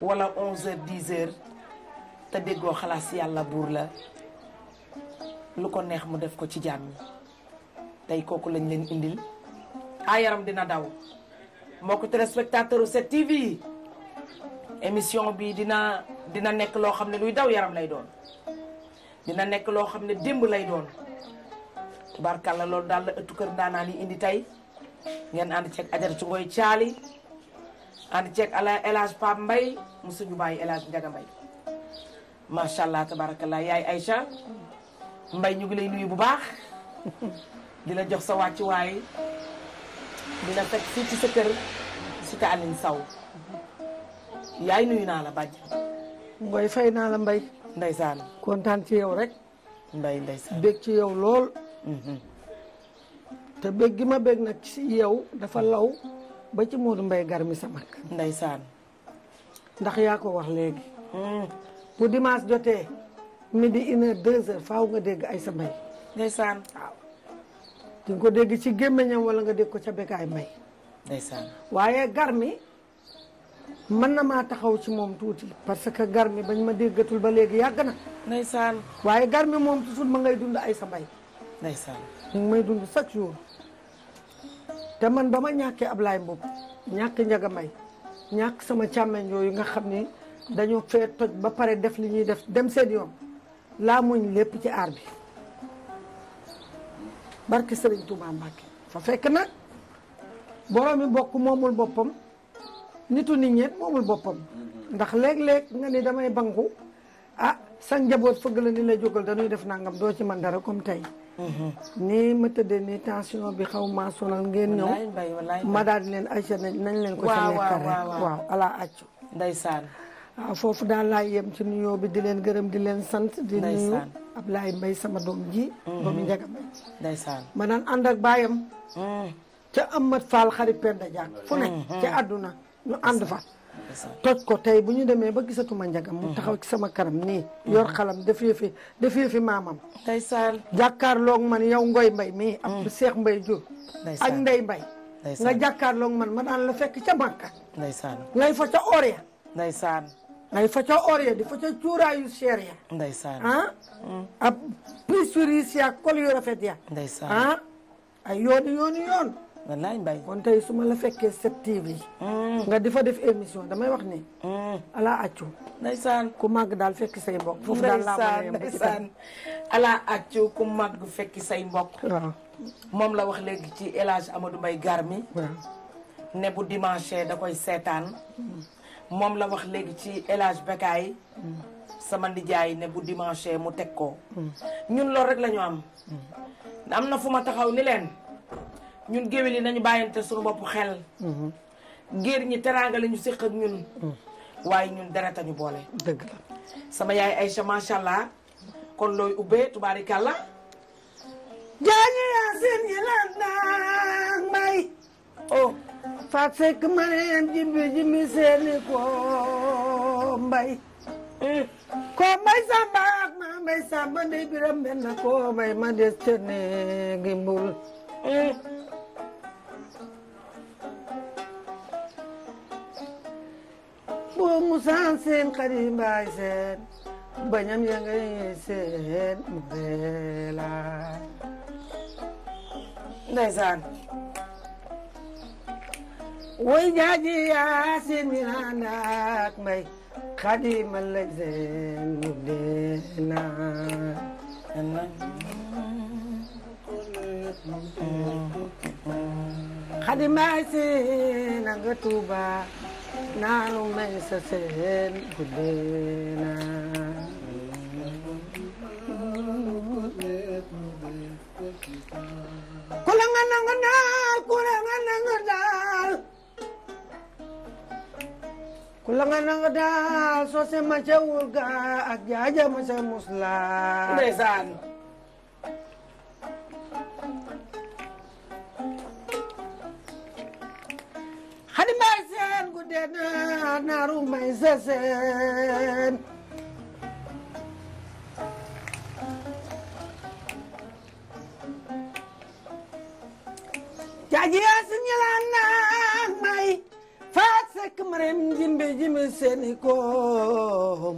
wala 11 heures 10 heures te déggoo xalaas yàlla buur la lu ko neex mu def ko ci jàmm tey kooku lañ leen indil a yaram dina daw mbokku téléspectateur u 7TV yi émission bi dina dina nekk loo xam ne luy daw yaram lay doon dina nekk loo xam ne démb lay doon tubaarkàlla loolu daal la ëttu kër ndaanaan yi indi tey ngeen ànd ceeg ajar ci ngoy caali ànd ceeg ala El Hadj mbay Mbaye mu suñu bàyyi El Hadj Ndiaga macha allah tabarakallah yaay ay Aïcha mbay ñu ngi lay nuyu bu baax di jox sa wàccuwaay di la fekk fii ci sa kër si saw yaay nuyu naa la bàjj Mbaye fay naa la Mbaye ndeysaan kontaan ci yow rek Mbaye ndeysaan bég ci yow lool mhm. te bég gi ma bég nag ci yow dafa law ba ci Modou Mbaye gar mi sama ndeysaan ndax yaa ko wax léegi hmm. bu dimanche jotee midi une deux heures faw nga dégg ay sa mbay ndeysaan saan di nga ko dégg ci gémmiñam wala nga dégg ko ca bekaay mbay ndeysaan waaye garmi mën na maa taxaw ci moom tuuti parce que gar mi bañ ma déggatul ba léegi yàgg na saan waaye gar mi moom toujours ma ngay dund ay sa mbay ndeysaan ñu ngi may dund chaque jour te man ba ma ñàkkee Ablaye Mboub ñàkk Njaga Mbay ñàkk sama càmmeñ yooyu nga xam ni dañoo fee toj ba pare def li ñuy def dem seen yoon laa muñ lépp ci aar bi barke Sëriñ Tuubaa Mbàkke fa fekk nag borom mi bokk moomul boppam nitu ni ñeet moomul boppam mm-hmm. ndax léeg-léeg nga ni damay bangu ah san njaboot fëgg la ni lay jógal dañuy def nangam doo ci man dara kom tey nii ma tëddee nii tension bi xaw maa sonal ngeen ñëw ma daal di leen ayca nañ leen ko ci nekkal rek waaw ala accu ndeysaan foofu daal laa yem ci nuyoo bi di leen gërëm di leen sant di nuyu Ablaye Mbaye sama doom ji mm-hmm. doomu Njaga Mbaye ndeysaan ma daan ànd ak baayam mm. ca Amat Fall xarit Penda Diak fu ne mm-hmm. ca ñu ànd fa toj ko tey bu ñu demee ba gisatuma njagam mu taxaw ci sama kanam ni yor xalam dafee fi dafee fi maamam ndeysaan jàkkaarloog man yow ngoy mbay mii ab du seex mbay jur ak nday mm. mbay nga jàkkaarloog man ma daan la fekk ca Makka ndeysaan ngay fa ca or ya ndeysaan ngay fa ca or ya di fa ca cuuraayu cher ya ndeysaan ah mm. ab prisuris ya kol yu rafet ya ndeysaan ah ay yooni yooni yoon wallaay Mbaye kon tey su ma la fekkee 7TV. Hmm. nga defa def émission damay wax ni. Hmm. ala accu. ndeysaan ku màgg daal fekk say mbokk. foofu daal laa mën a yem ndeysaan ala accu fekki say mbokk. moom la wax léegi ci El Hadj Amadou Mbaye Garmi. ne bu dimanche da koy seetaan. moom la wax léegi ci El Hadj Bekaay. Hmm. sama nijaay ne bu dimanche mu teg ko. ñun loolu rek la am. am na fu taxaw ni leen. ñun géwél yi nañu bàyyante sunu bopp xel. géer ñi teraanga la ñu séq ñun. waaye ñun dara tañu boole. dëgg sama yaay ay macha allah kon looy ubbee tubaarikàlla. jaañu yaa seen yi lan naa may. oh. Fatou Seck ma leen jimbi jimbi seeni ko mbay. Eh. ko samba ak ma samba ndey biram benn ko mbay ma des te ne ngi ko musaan seen xarit mbaay seen bañam ya ngay seen mu reela ndeysaan way jaaji yaa seen naan ak may xarit ma lay seen نحن ليس سهل هدينا كل غنى غنى كل غنى غنى كل غنى غنى سوسي ما جاوغا أجاجا ما جاوغا مسلا نيسان خدمة gudena naru mai zazen jajiya sun yi lana mai fasa kamarin jimbe jimbe sani ko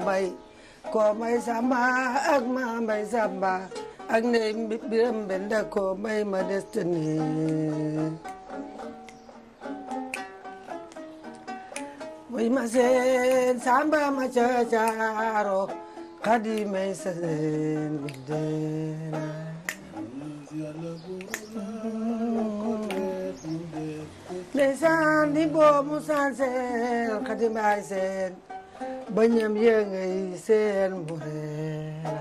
mai ak ma mai zamba ak ne biran benda ko mai modestiny way ma seen samba ma ca caaro xadi may sa seen guddeena ndeysaan saan seen xadi may seen ba ñam yëngay seen mbureela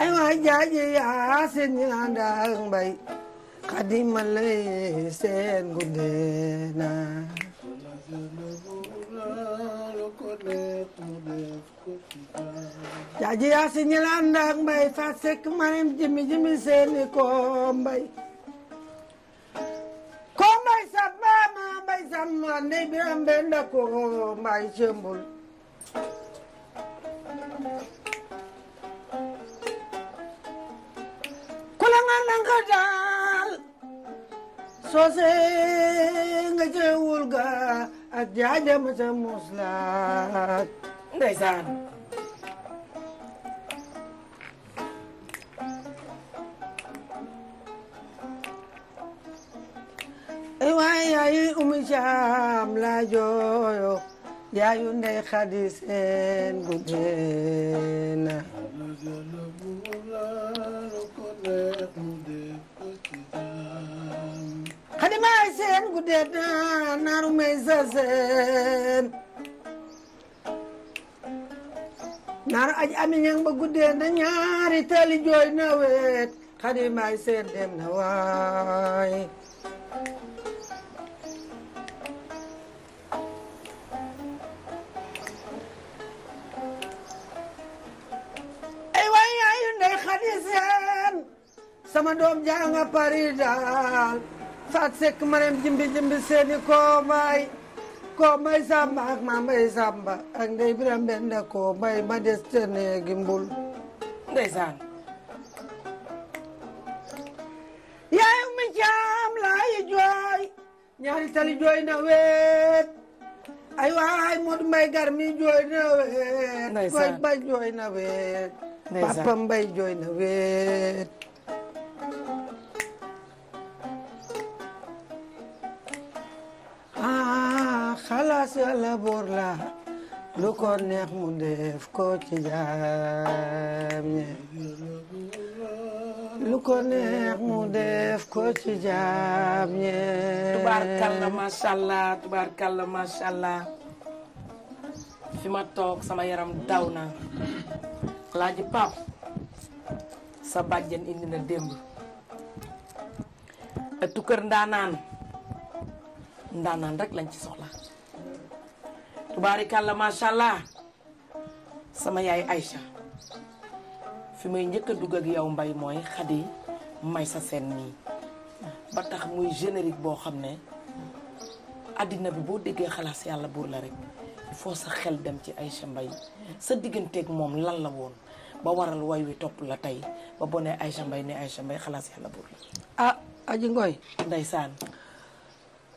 ay waay jaaji yaa seen ñi xadima lay seen guddee na jaaji yaa si ñi la ànd ak mbay fa sekk marim jimi jimi seeni ko mbay ko mbay sa baama mbay sa ma ndey biram benda ko mbay cembul ku la nga nanga daa soose nga jëwul ga ak jaajam sa muslaat ndeysaan eh, ay di may seen guddee naa naaru may sa seen naaru aj ami ñang ba guddee na ñaari tali jooy na weet xadi may seen dem na waay ay waay yaayu ndey xadi seen sama doom jaa nga pari faat sekk mareem jimbi jimbi seeni koo may samba ak ma samba ak ndey biram benn koo may ma des te neegi mbul mi caam laayi jooy ñaari tali jooy na weet ay waay Modou Mbaye gar mi jooy na weet papa Mbaye jooy na weet yàlla buur la lu ko neex mu def ko ci jaam ñi lu ko neex mu def ko ci jaam ñi tubaarkalla macha allah tubaarkalla macha allah fi ma toog sama yaram daw na laaji pap sa bàjjen indi na démb ëttu kër ndaanaan ndaanaan rek lañ ci soxla tubaarikàlla macha allah sama yaay Aïcha fi may njëkk a dugg ak yow mbay mooy xadi may sa seen nii ba tax muy générique boo xam ne àddina bi boo déggee xalaas yàlla buur la rek foo sa xel dem ci Aïcha Mbay sa digganteek moom lan la woon ba waral woy wi topp la tey ba boo nee Mbay ne Aïcha Mbay xalaas yàlla buur la ah aji ngooy ndeysaan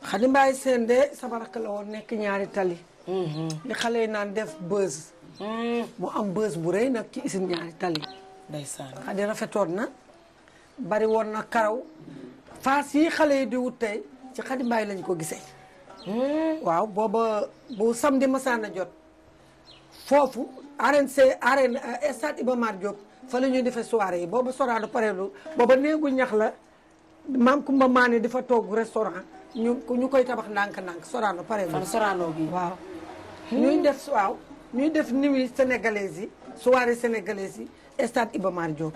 Xadi Mbaay seen de sama rakk la woon nekk ñaari tali. Mm-hmm. li xale yi naan def bës. Mm-hmm. mu am bës bu rëy nag ci usine ñaari tali. ndeysaan Xadi rafetoon na. bari woon na karaw. faas yi xale yi di wut tey ci Xadi Mbaay lañ ko gisee. Mm-hmm. waaw booba bu samedi masaana jot. foofu arène c arène eh, stade Iba Mar Diop fa la ñuy defee soirée yi booba soraadu pareelu booba néegu ñax la maam Kumba Maane dafa toog restaurant ñu ñu koy tabax ndànk-ndànk Sorano pare na. Sorano gi waaw. ñuy def waaw ñuy def nuit sénégalaise yi soirée sénégalaise yi stade Iba Mar Diop.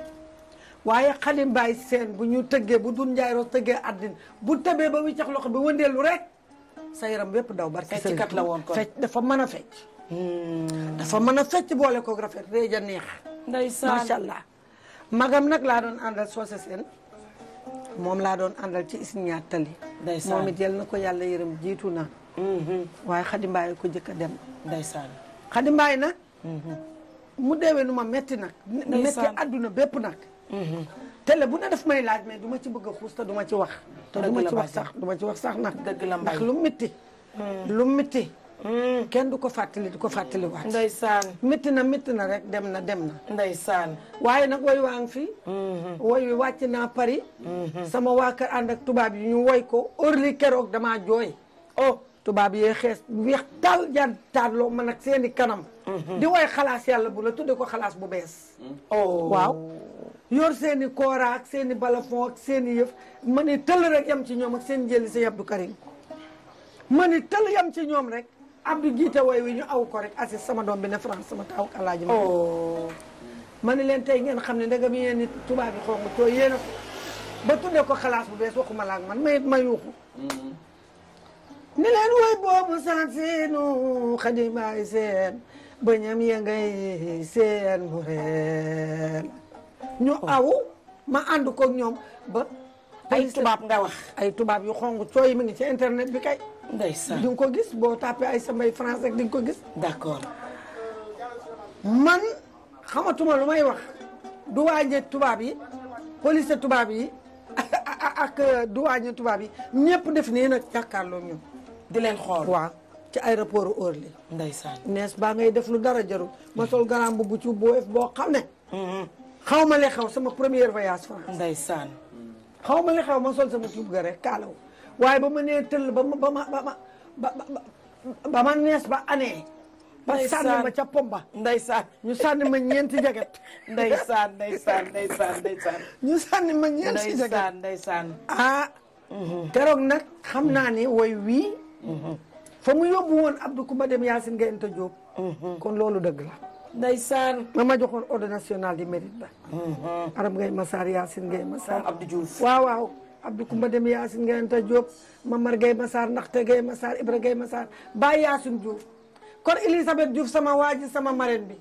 waaye xali mbaay seen bu ñu tëggee bu dun njaay tëggee àddina bu tëbee ba wiccax loxo bi wëndeelu rek sa yaram bépp daw barki fecc kat la woon ko fecc dafa mën a fecc hmm. dafa mën a fecc boole ko rafet ja neex ndeysaan macha allah magam nag laa doon àndal soose seen moom laa doon àndal ci is ñaar tali moom it yal na ko yàlla yërëm jiitu na mm-hmm. waaye Xadi Mbaay ko jëkk a dem ndeysaan Xadi Mbaay nag mm-hmm. mu deewee nu ma metti nag metti àdduna bépp nag mm-hmm. télé bu ne daf may laaj mais du ma ci bëgg a xuus te du ci wax te du ci wax sax du ma ci wax sax nag dëgg la lu mitti mm. lu mitti Mm, kenn du ko fàttali du ko fàttaliwaat. ndeysaan métti na métti na rek dem na dem na. ndeysaan waaye nag woy fi. Mm-hmm. woy wàcc naa Paris. Mm-hmm. sama waa kër ànd ak tubaab yi ñu woy ko orli keroog damaa jooy. oh tubaab yee xees weex taal jan taaloo man ak mm-hmm. woy xalaas yàlla bu la tudde ko xalaas bu bees. oh waaw. yor seeni i koora ak seen yëf ma ni tëll rek yam ci ñoom ak seen jëli sa Abdou Karim ma ni tëll yam ci ñoom rek. Abdou jiite woy wi ñu aw ko rek Aziz sama doom bi ne France sama taw ak alaaji ma oh. ma ne leen tey ngeen xam ne ndegam yéen nit tubaab yi xonq too yéen a ko ba bu bees waxuma la ak man ma yuuxu mm-hmm. ni leen woy ngay seen mu reel oh. ñoom ba ay tubaab nga ay tubaab yu xonq cooy mu ngi ci internet bi kay ndeysaan di nga ko gis boo tapé ay samay France rek di ko gis. d'accord. man xamatuma lu may wax du duwaañe tubaab yi police tubaab yi ak du euh, duwaañe tubaab yi ñëpp def nii nag jàkkaarloo ñoom. di leen xool waa ci aéroport Orly. ndeysaan nees baa ngay def lu dara jarul. ma sol garaam bu bu ci boof boo xam ne. Mm-hmm. xaw ma li xew sama première voyage France. xaw ma li xaw ma sol sama cuub ga rek kaalaw. waaye ba ma nee tëll ba ma ba ma ma nees ba anee. ba sànni ma ca pomba. ndeysaan ñu sànni ma ñeenti jagat. ndeysaan ndeysaan ndeysaan ndeysaan. ñu sànni ma ñeenti jagat ndeysaan ndeysaan. ah. nag xam naa ne woy wii. fa mu yóbbu woon Abdou Koumba dem Yacine Gueye Anta Diop. kon loolu dëgg la. ma ma joxoon ordre national du mérite ba. Arame Gueye Massar Yacine Gueye Massar. Abdou Diouf waaw waaw. Abdou Koumba Dem Yacine Ngayanta ma Mamar Gueye Massar Ndaxte Gueye Massar Ibra Gueye Massar Baye Yacine Diouf kon Elisabeth Diouf sama waa ji sama marraine bi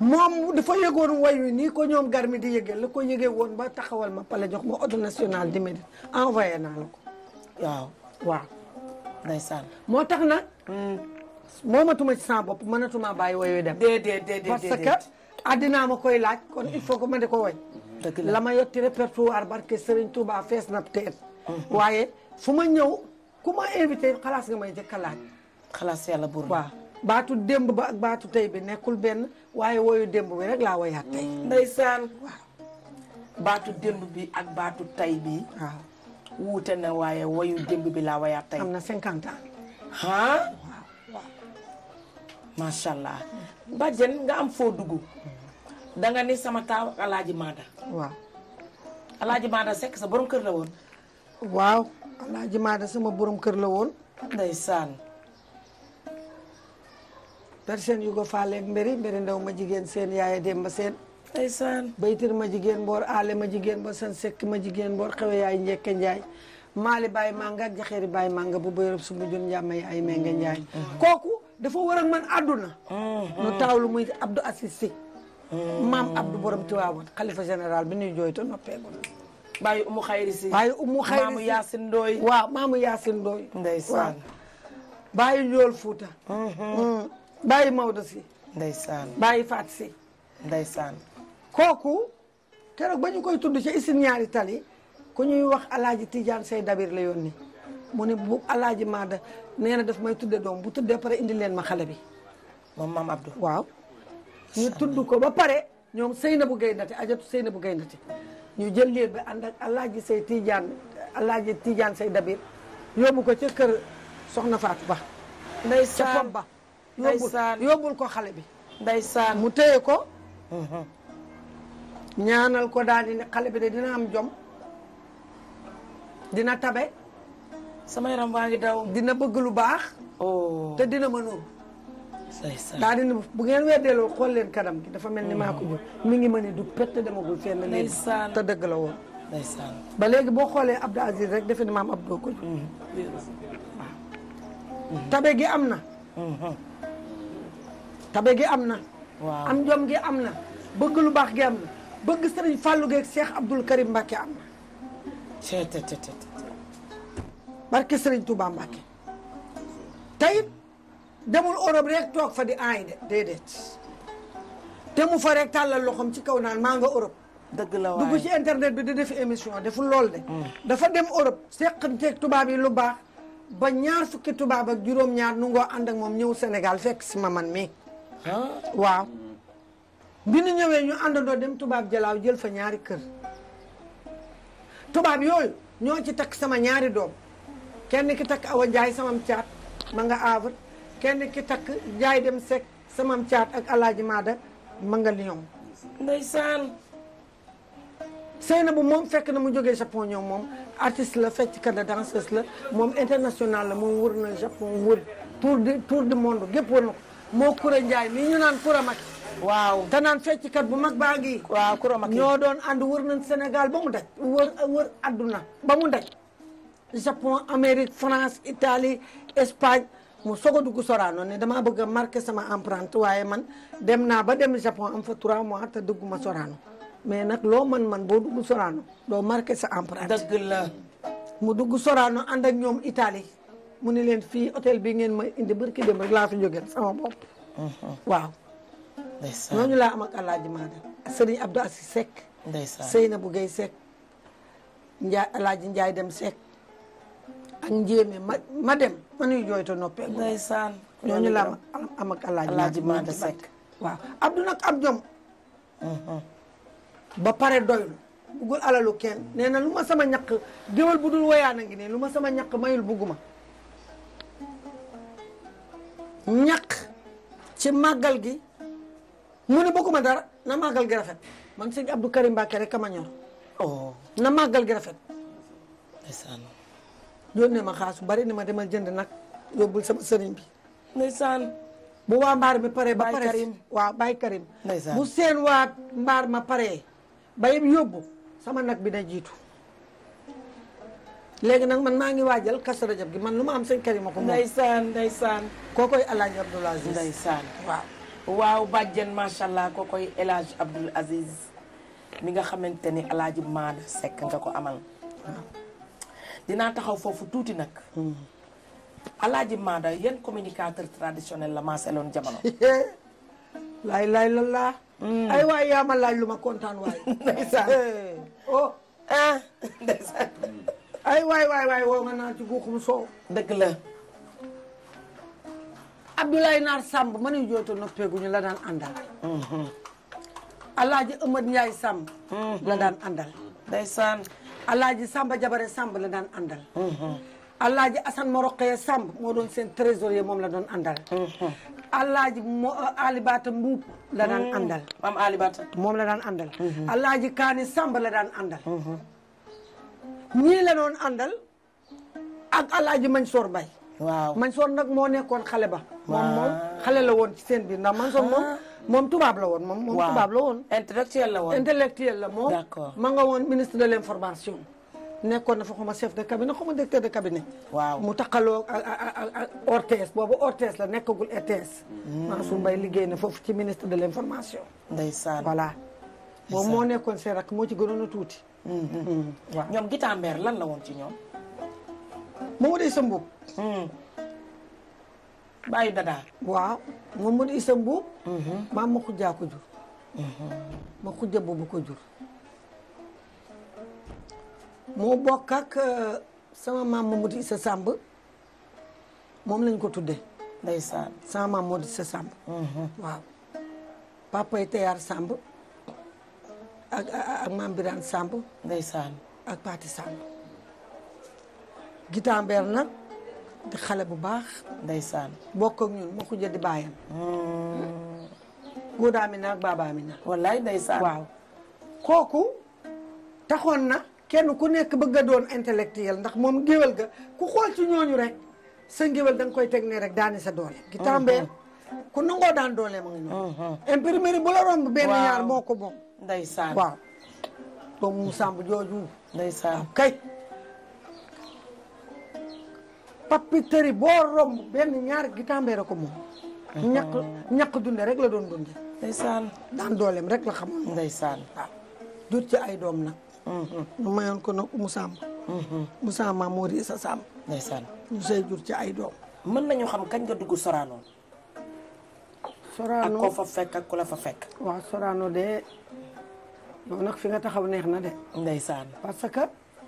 moom dafa yëgoon wayu nii ko ñoom gar di yëgee la ko yëgee woon ba taxawal ma pale jox ma auto national di Médine envoyé naa la ko waaw waaw ndeysaan moo tax nag hmm. moomatuma ci sama bopp mënatuma bàyyi wayu dem déedéet déedéet parce que addinaa ma koy laaj kon il faut ko ma di ko way la ma yotti répertoire barke Serigne Touba fees na teet waaye fu ma ñëw ku ma invité xalaas nga may jëkk a laaj yàlla buur baatu démb ba ak baatu tey bi nekkul benn waaye woyu démb bi laa woyaat tey ndeysaan waaw bi ak baatu tey bi waaw na waaye woyu démb bi laa woyaat am na cinquante ans ah nga am foo dugg danga ni sama taaw ak alaaji Maada. waaw. alaaji Maada sekk sa borom kër la woon. waaw alaaji Maada sama borom kër la woon. day ndeysaan. personne yu ko faaleeg mbiri mbiri ndaw ma jigéen seen yaaya Demba seen. ndeysaan baytir ma jigéen boor aale ma jigéen boor san sekk ma jigéen boor xewe yaay njekke njaay maali bàyyi manga ak jaxeeri bàyyi manga bu béyërëb su mujjun njàmm ay menga njaay mm-hmm. kooku dafa war ak man àdduna. Mm-hmm. nu taawlu muy Abdou Assis Sy maam Abdou borom Tiwaawan xalifa général bi ñuy jooytu noppeegul. bàyyi umu xayri si bàyyi umu xayri si maamu Yaasin Ndooy. waaw maamu Yaasin Ndooy. ndeysaan mhm. mm. si. ndeysaan bàyyi Faat si. ndeysaan kooku keroog ba koy tudd ci isin ñaari tali ku ñuy wax alaaji Tidiane say dabir la yoon mu ne bu alaaji Maada nee na daf may tudde doom bu tuddee pare indi leen ma xale bi maam Abdou waaw. ñu tudd ko ba pare ñoom Seynabou Gayndate ajatu Seynabou Gayndate ñu jël liir bi ànd ak alaaji say Tijaan alaaji Tijaan say Dabir yóbbu ko ca kër soxna Fatou Ba ndeysaan ca Fom Ba yóbbul yóbbul ko xale bi ndeysaan mu téye ko ñaanal ko daal xale bi de dina am jom dina tabe sama yaram baa ngi daw dina bëgg lu baax oh. te dina mënoon daa dina bu ngeen weddeeloo xool leen kanam gi dafa mel ni maa ko jur mi ngi ma ne du pett demagul fenn nii te dëgg la woon ba boo xoolee Abdou Aziz rek defe ni maam Abdou ko mhm. Mhm. tabe gi am na mhm. tabe gi am na am jom gi am na bëgg lu baax gi am na bëgg sëriñ Fallou geeg Cheikh Abdoul Karim Mbacke am na barke sëriñ Touba Mbacke tayit demul Europe rek toog fa di aay de déedéet te mu fa rek tàllal loxoom ci kaw naan maa nga Europe. dëgg la waay ci internet bi di def émission deful lool de. Mm. dafa dem Europe seqanteeg tubaab yi lu baax ba ñaar fukki tubaab ak juróom-ñaar nu ngoo moom ñëw senegal fekk si ma man mii. waaw. bi nu ñëwee ñu àndandoo dem tubaab jalaaw jël fa ñaari kër tubaab yooyu ñoo ci takk sama ñaari doom kenn ki takk Awa Ndiaye samam caat ma nga Havre. kenn ki takk jaay dem sek samam caat ak alaaji maada ma nga Lyon ndeysaan Seynabou moom fekk na mu jógee Japon ñoom moom artiste la fecckat la danseuse la moom international la moom wër na Japon wër tour de tour du monde gépp wër na moo Koura Ndiaye mii ñu naan Koura Macky waaw te naan fecckat bu mag baa ngi waaw Koura Macky ñoo doon ànd wër na senegal ba mu daj wër wër ba mu daj Japon Amérique France Italie Espagne mu soog dugg soraanoo ne damaa bëgg a marqué sama empreinte waaye man dem naa ba dem Japon am fa 3 mois te dugguma Sorano mais nag loo man man boo dugg Sorano doo marqué sa empreinte. dëgg la. mu dugg Sorano ànd ak ñoom Italie mu ne leen fii hôtel bii ngeen ma indi barki dem rek laa fi jógee sama bopp. Mhm. noonu laa am ak Alaaji Maada Sëriñ Abdou Assis Seck. ndeysaan Seynabou Gueye Seck. Njaay Alaaji Njaay dem Seck. ak njéeme ma ma dem. mënuy jooytu noppee. ndeysaan ñooñu la am am ak alaaji Maanta Seck waaw Abdou nag jom. Mm-hmm. ba pare doyul. buggul alalu kenn nee na lu ma sama ñaq géwal bu dul woyaan a ngi ne lu ma sama ñaq mayul bugguma ñaq ci màggal gi mu ne bëgguma dara na màggal gi rafet man sëñ Abdou Karim Mbacké rek a ñor. Oh. na màggal gi rafet. yónnee ma xaas bu bari ni ma demal jënd nag yóbbul sama sëriñ bi. ndeysaan. bu waa mbaar mi paree. ba pare waaw bu seen waa mbaar ma paree. bayam yóbbu sama nag bi na jiitu. léegi nag man maa ngi waa waajal Kazu Rajab gi man lu ma am sëñ Karim ma ko moom. ndeysaan ndeysaan. koo koy El Hadj Abdoul Aziz. ndeysaan waaw. waaw bàjjen macha allah koo koy El Hadj mi nga xamante ni El Hadj Maada Seck ko amal. waaw. dinaa taxaw foofu tuuti nag. Hmm. alaaji Maada yan communicateur traditionnel la maaseloon jamono. laay laay la laa. Hmm. ay waay yaa ma laaj lu ma kontaan waay. ndeysaan eh. oh. ah ndeysaan. Hmm. ay waay waay waay woo nga naan guuxum soow. dëgg la. Abdoulaye Naar Samb ma ne jooto noppeeguñu la daan àndal. alaaji Amad Ndiaye Samb. la daan àndal. ndeysaan. alaaji Samba Jabare Samb la daan àndal. Mm-hmm. alaaji Assane Moroqee Samb moo doon seen trésorier moom la doon àndal. Mm-hmm. alaaji mo Alibata la daan mm-hmm. àndal. maam Alibata moom la daan àndal. Kaani Samb la daan àndal. ñii la doon àndal ak alaaji Mansour Mbaye. waaw Mansour nag moo nekkoon xale ba. moom moom xale la woon ci seen biir ndax Mansour moom. Ah. moom tubaab la woon moom moom tubaab la woon intellectuel la woon intellectuel moom d'accord ma nga woon ministre de l'information nekkoon na fa xuma chef de cabinet xuma directeur de cabinet waaw mu taqaloo orts boobu orts la nekkagul RTS e hmm. Mansour Mbaye liggéey na foofu ci ministre de l'information ndeysaan voilà boobu moo nekkoon seen rakk moo ci gënoon tuuti hmm, hmm. waaw ñoom Guita Mbeer lan la woon ci ñoom Mamadou Issa Mboup bàyyi dadaa. waaw moom mu isa mbuub. Mhm. maam ma xujjaa ko jur. Mhm. ma xujja boobu ko jur. moo bokk euh, sama maam Mamadou Issa Samb moom lañ ko tuddee. ndeysaan sama maam Mamadou Issa Samb. Mhm. waaw papa yi Tayar ak ak maam Birane Samb. ndeysaan ak Pati Samb. Gitambeer nag di xale bu baax. ndeysaan bokk ak ñun ma xuja di bàyyam. mu hmm. daa mi na ak baabaa mi kooku taxoon na kenn ku nekk bëgg ga doon intellectuel ndax moom géwél ga ku xool ci ñooñu rek sa géwél da koy teg ne rek daani sa doole. gi tàmbeel hmm. ku nangoo daan doole ma nga ñëw. Hmm. imprimerie bu la romb benn moo ko moom. ndeysaan waaw. doomu Musamb jooju. ndeysaan kay. papiteri boo romb benn ñaari gitambéer a rek la doon dunde ndeysaan daan dooleem rek la xamoon. ndeysaan waaw jur ci ay doom nag. Mm-hmm. Mm-hmm. ñu mayoon ci ay doom. mën nañu xam kañ nga dugg Sorano. Sorano ak fa fekk ak ku la de yow nag fi nga taxaw neex na de. ndeysaan parce que.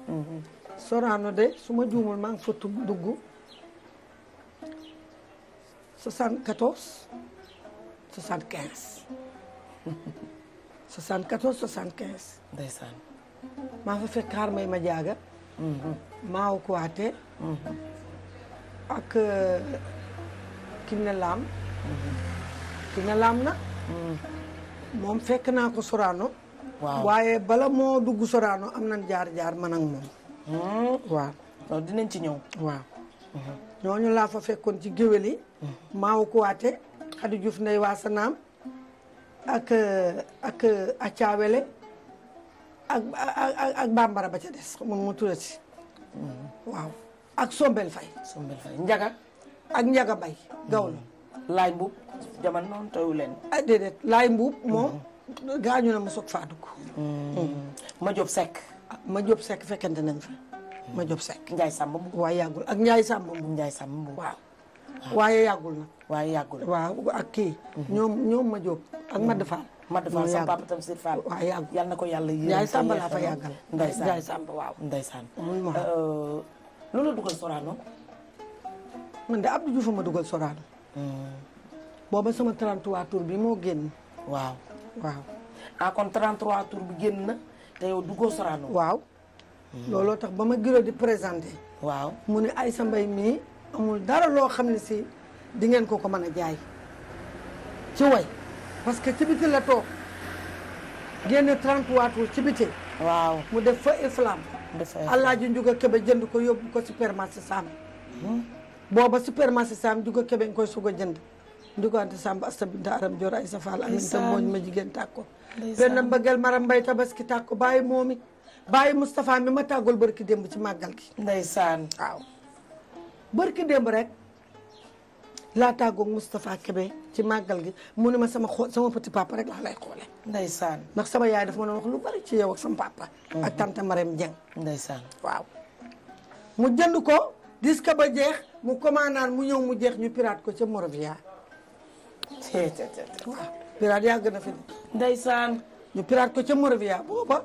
Mm-hmm. Sorano de su ma juumul maa ngi fa dugg. 74 75. 74 75. ndeysaan. maa fa fekk xaar may ma jaaga. Mhm. maaw kuwaate. Mhm. ak euh, Kiné Lam. Mhm. Kiné Lam na. moom fekk naa ko Sorano. waaw waaye bala moo dugg soraano am na jaar jaar man ak moom. waaw. dinañ ci ñëw. waaw. ñooñu laa fa fekkoon ci géwél yi maaw kuwaate Xadi Juuf ndey waasanaam ak ak ak ak ak ak bambara ba ca des mun mu turati waaw ak sombel fay njaga ak njaga bay gawlo mm-hmm. laay mbuub jaman noonu tawu leen ah déedéet laay mbuub moom gaañu na mu soog faa dugg ma job sekk ma job sekk fekkente nañ fa ma job sekk Ndiaye Samba bu waaye yàggul ak Ndiaye Samba bu Ndiaye Samba bu waaw waaye yàggul nag waaye yàggul waaw ak kii mhm. ñoom ñoom ma job ak Mad Fall mhm. Mad Fall sama papa tam Sir Fall waaw yàggul yal na ko yàlla yéen Ndiaye Samba laa fa yàggal Ndiaye Samba waaw Ndiaye Samba ma euh, loolu la dugal Sorano man de Abdou Diouf ma dugal Sorano hmm. booba sama 33 tour bi moo génn waaw waaw ah kon 33 tour bi génn na te yow duggoo Sorano waaw looloo tax ba ma giro di présenté. waaw mu ne sa mbay mii amul dara loo xam ne si di ngeen ko ko mën a jaay ci way parce que ci biti la toog génn 30 waatu ci biti. waaw mu def fa iflam. def ju Alaaji Njuga Kebe jënd ko yóbbu ko supermarché Sam. Hmm? booba supermarché Sam Njuga Kebe nga koy sug a jënd. ndugante Samb asta binta aram jor ay safal aminta mooñ ma jigéen tàkko benn mbëggeel maram mbay tabaski tàkko bàyyi moom bàyyi Moustapha mi ma tàggul bërki démb ci màggal gi. ndeysaan waaw. bërki démb rek laa tàggoog Moustapha Kébé ci màggal gi mu ne ma sama xoo sama petit papa rek laa lay xoole ndeysaan ndax sama yaay daf ma doon wax ci yow ak sama papa. Mhm. ak tante Marème Dieng. ndeysaan jënd ko disque ba jeex mu ñëw mu jeex ñu pirate ko ca Moravia. te te te waaw pirate ñu pirate ko ca Moravia booba.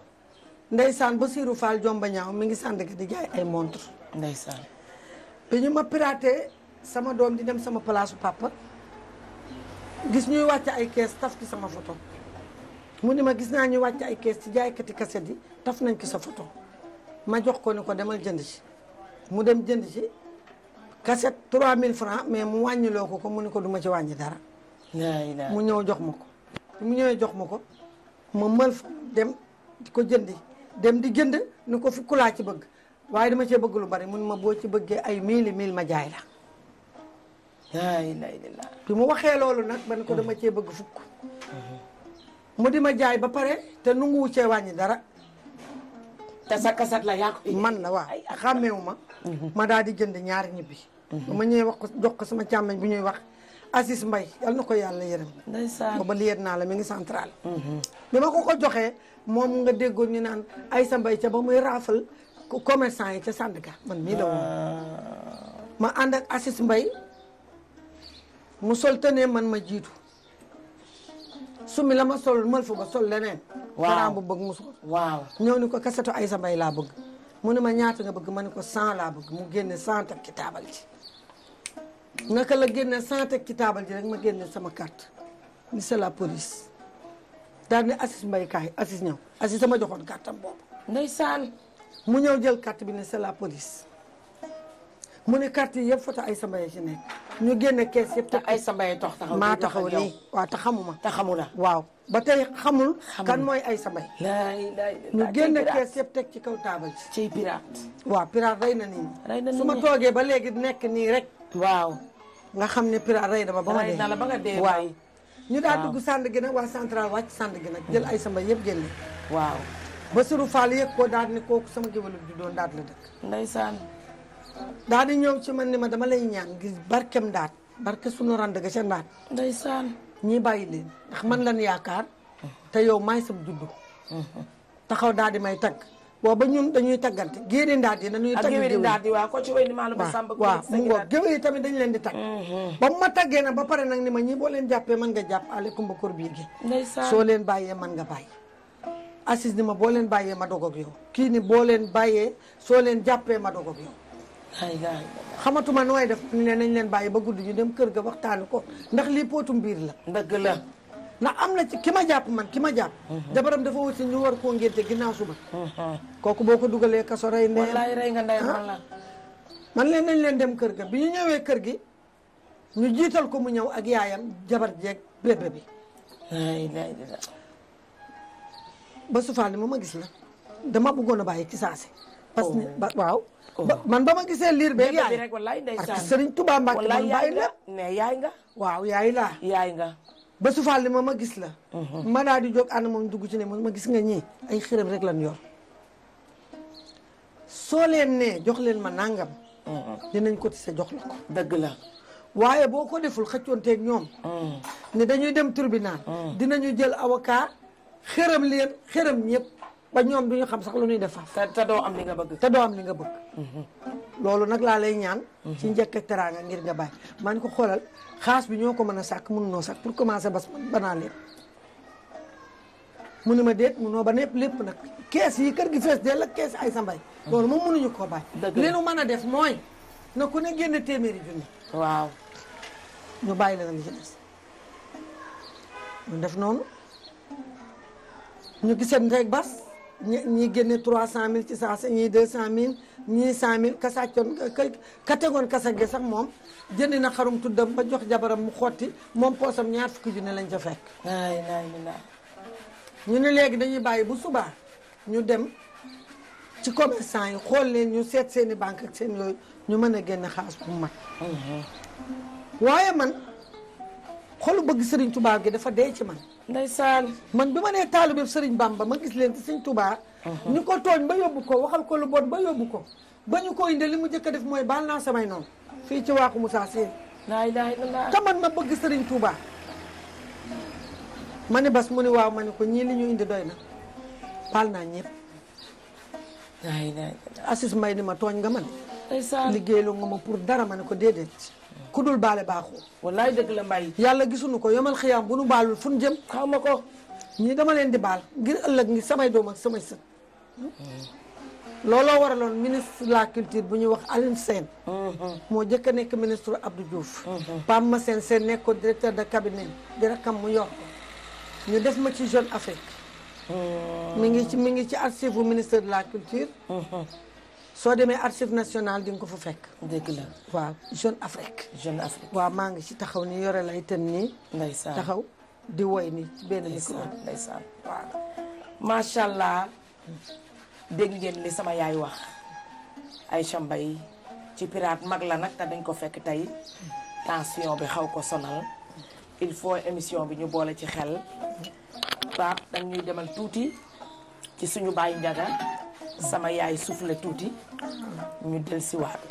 saan ndeysaan Basirou Fall Jomba ñaaw mi ngi sànd di jaay ay montre ndeysaan bi ñu ma piraté sama doom di dem sama palaasu papa gis ñuy wàcc ay kees taf ci sama photo mu ni ma gis naa ñuy wàcc ay kees ci jaaykati kaset yi taf nañ ki sa photo ma jox ko ni ko demal jënd ci mu dem jënd ci kaset 3000 francs mais mu wàññiloo ko ko mu ni ko duma ci wàññi dara mu ñëw jox ma ko mu ñëwee jox ma ko ma mël dem di ko jëndi dem di jënd ni ko fukk laa ci bëgg waaye dama cee bëgg lu bari mun ma boo ci bëggee ay mille mille ma jaay la laa mu waxee loolu nag man ko dama cee bëgg fukk mu di ma jaay ba pare te nunguwu cee wàññi dara te sa kasat la yaa man la waaw xàmmeewu ma mhm. ma daal di jënd ñaar ñibbi ba mhm. ma ñëwee wax ko jox ko sama càmmeñ bu ñuy wax Asis Mbay yal na ko yàlla yërëm ndeysaan booba liyeet naa la mi ngi central mhm. bi ma ko ko joxee moom nga déggoon ñi naan Aïssa Mbaye ca ba muy raafal commerçant yi ca Sandaga man mii la woon ah. ma ànd ak Assis Mbaye mu sol tënee man ma jiitu sumi la ma sol mal fu ba sol leneen waaw bu bëgg mu sol waaw ñëw ni ko kasetu Aïssa mbay laa bëgg mu ne ma ñaata nga bëgg ma ne ko cent laa bëgg mu génne cent teg ci taabal ji naka la génne cent teg ci taabal ji rek ma génne sama carte ni c'est la police daal ne Aziz Mbaye kaay Aziz ñëw Aziz sama joxoon kàttam boobu. ndeysaan mu ñëw jël carte bi ne c'est la police mu ne carte yi yëpp foto ay Mbaye ñu génne kees yëpp. te Aïssa Mbaye tax maa taxaw nii waaw te xamuma. te xamula waaw ba tey xamul. kan mooy Aïssa Mbaye. ñu génne kees yëpp teg ci kaw taabal ci. ciy pirate. waaw pirate rey na nii. rey na nii su ma toogee ba léegi nekk nii rek. waaw nga xam ne pirate rey na ma ba ma nga dee waaw. ñu daal dugg sànd gi nag waa central wàcc sànd gi nag jël ay samba yëpp génne waaw ba suru faal yëg koo daal ni kooku sama géwélu bi doon daat la dëkk nday ndeysaan daal di ñëw ci man ni ma dama lay ñaan ngir barkem ndaat barke sunu rand ga ca ndaat ndeysaan ñii bàyyi leen ndax man lan yaakaar te yow maay sam juddu taxaw daal di may tagg ba ñun dañuy taggante géeri ndaat yi dañuy ñuy géeri ndaat yi waaw ko ci way ni maalu ma sàmba waaw mu ngoo géwél tamit dañ leen di tagg mm-hmm. ba mu ma taggee nag ba pare nag ni ma ñi boo leen jàppee mën nga jàpp ale ba kor bii gi soo leen bàyyee man nga bàyyi assis ni ma boo leen bàyyee ma dogog yow kii ni boo leen bàyyee soo leen jàppee ma dogog yow xamatuma nooy def ñu ne nañ leen bàyyi ba guddi ñu dem kër ga waxtaani ko ndax lii pootum biir la dëgg la ndax am na ci ki ma jàpp man ki ma jàpp jabaram dafa wut ñu war koo ngénte ginnaaw suba kooku boo ko dugalee kaso rey ndeyam wallaay rey nga ndeyam ah. wallaay man leen nañ leen dem kër ga bi ñu ñëwee kër gi ñu jiital ko mu ñëw ak yaayam jabar jeeg bébé bi ba sufaani ma ma gis la dama bëggoon a bàyyi ci saasi parce que oh. waaw oh. man ba ma gisee liir beeg yaay rek wallaay ndeysaan Sëriñ Tuubaa Mbàkke man bàyyi la mais yaay nga waaw yaay laa yaay nga ba su faal ma ma gis la. ma daal di jóg ànd moom dugg ci ne ma gis nga ñii ay xërëm rek lan yor soo leen nee jox leen ma nangam. dinañ ko tise jox la ko. dëgg la waaye boo ko deful xëccoonteeg ñoom. ne dañuy dem tribunal. dinañu jël avocat xërëm leen xërëm ñëpp ba ñoom duñu xam sax lu ñuy defaat. te doo am li nga bëgg. te am li nga bëgg. loolu nag laa lay ñaan. ci njëkk ak teraanga ngir nga bàyyi man ko xoolal. xaas bi ñoo ko mën a sàkk mun noo sàkk pour commencer bas man banaa lépp mu ne ma déet noo ba nepp lépp nag kees yi kër gi fees dell ak kees ay sambay loolu moom mënuñu koo bàyyi leenu mën a def mooy na ku ne génn téeméeri junni waaw ñu bàyyi la na li ñu def noonu ñu giseen ndeeg bas ñi génne trois cent mille ci saa si ñii deux cent mille ñii cent mille ka sàccoon ka tegoon kasa sax moom jënd na xarum tuddam ba jox jabaram mu xotti moom poosam ñaar fukki junne lañ ca fekk ñu ne léegi dañuy bàyyi bu subaa ñu dem ci commerçant yi xool leen ñu seet seen i banque ak seen yooyu ñu mën a génn xaalis bu mag mhm. waaye man xolu bëgg sëriñ Touba gi dafa dee ci man. ndeysaan man bi ma nee taalibe Serigne Bamba ma gis leen ci Serigne Touba. Uh-huh. ñu ko tooñ ba yóbbu ko waxal ko lu bon ba yóbbu ko. ba ñu ko indee li mu njëkk a def mooy baal samay noonu. fii ci waaxu Moussa Seye. naay naay te man ma bëgg ma ne mu ne waaw ko ñii li ñu indi doy na baal naa ñëpp. naay naay Assis Mbaye ni ma tooñ nga man. liggéey liggéeyaloo nga ma pour dara ma ne ko déedéet. ku dul baale baaxu wallaay dëgg la mbay yàlla gisuñu ko yomal xiyaam bu nu baalul fu nu jëm xaw ma ko ñii dama leen di baal ngir ëllëg ngi samay doom ak samay sët looloo waraloon ministre de la culture bu ñuy wax Alioune Sène mhm. moo jëkk nekk ministre Abdou Diouf mhm. Pam Massène Sène nekk ko directeur de cabinet di rakam mu yor ñu def ma ci Jeune Afrique mhm. mi ngi ci mi ngi ci archive bu ministre de la culture soo demee archive nationale di ko fa fekk. dégg la waaw Jeune Afrique. Jeune Afrique waaw maa ngi ci taxaw ni yore lay tën nii. ndeysaan taxaw di woy nii ci benn micro. ndeysaan waaw macha allah dégg ngeen li sama yaay wax ay Mbaye ci pirate mag la nag te dañ ko fekk tey tension bi xaw ko sonal il faut émission bi ñu boole ci xel Pape dañ ñuy demal tuuti ci suñu baay Njaga sama yaay suuf la tuuti ñu del si waat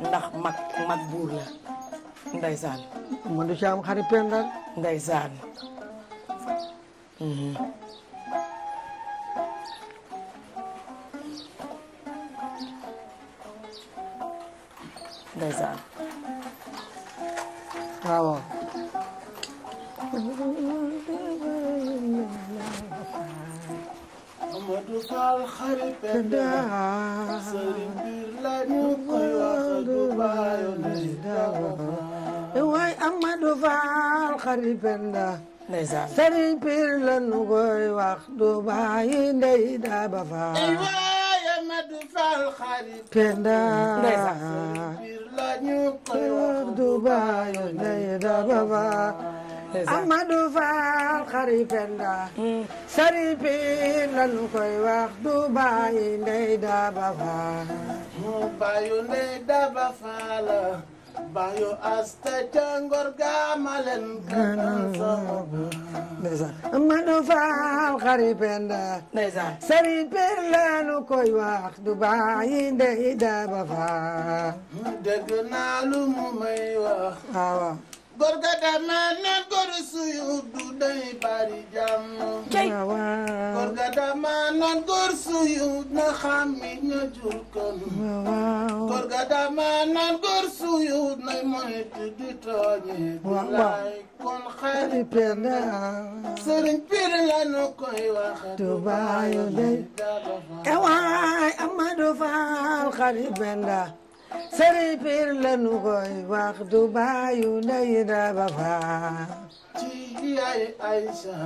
ndax mag mag buur la ndeysaan man du ci am xarit pendal ndeysaan mhm. ndeysaan waaw du faal xarit te daa sëriñ biir lañu koy wax du baayo lay dawa waay Amadou Fall xarit Penda ndeysaan sëriñ biir wax du baayi ndey daaba faal waay Amadou Fall xarit Penda ndeysaan sëriñ biir lañu koy wax du baayo ndey daaba faal Amadou Fall xari penda mm. sari pin lañu koy wax du bàyyi ndey Daba Fall mu bàyyu ndey Daba Fall bàyyu asta ca ngor gaamaleen kanam soobu Amadou Fall xari penda sari pin lañu koy wax du bàyyi ndey Daba Fall dégg góor ga daan naa naan góor suy uddu day bari jàmm. góor ga daan naa naan góor suy uddu na xàmmi ña jur kon. góor ga daan naa naan góor suy uddu na moytu di tooñi. bilaay kon xarit penda. sëriñ pir la nu koy wax. tubaayu day. eh waay Amadou Fall xarit penda. sëriñ Pire lañu koy wax du bàyyu ndey Daba Fall. ci yaay Aïcha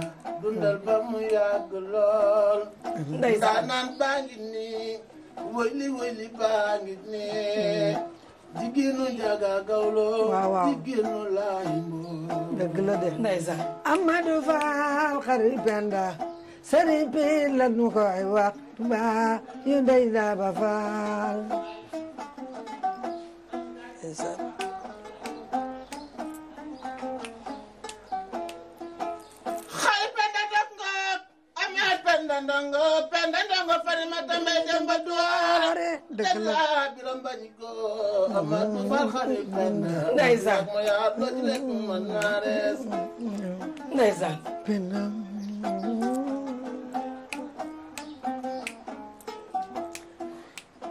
dundal ba mu yàgg lool. ndeysaan naan baa ngi nii wëli wëli baa ngi nii. jigéenu Njaga Gawlo. waaw waaw jigéenu laay mbool. dëgg la de ndeysaan. Amadou Fall xarit Penda. sëriñ Pire lañu koy wax du bàyyu ndey Daba Fall. ndeysaan xay penda ndongo amee penda ndongo penda ndongo fari ma tambe jamba duwaare dëgg la biram bañ ko mm-hmm. amaat ma far xari penda ndeysaan mo yaa doj lekk ma naarees mm-hmm. ndeysaan penda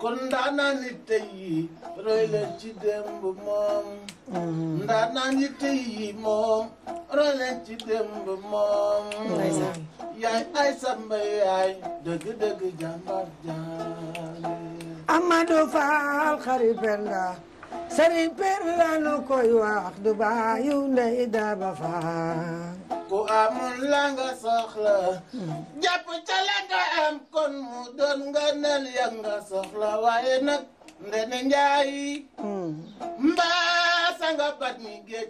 kon ndaanaan yi tey yi roy leen ci démb moom ndaanaan yi tey moom roy leen ci démb moom yaay ay samba yaay dëgg dëgg jàmbar jaale Amadou Fall xarit Penda sëriñ per lañu koy wax du bàyyu ndey Daba Fall. ku amul la nga soxla. jàpp ca la nga am kon mu doon nga nel ya nga soxla waaye nag ndene njaayi. Hmm. mbaa. nga bat mi géej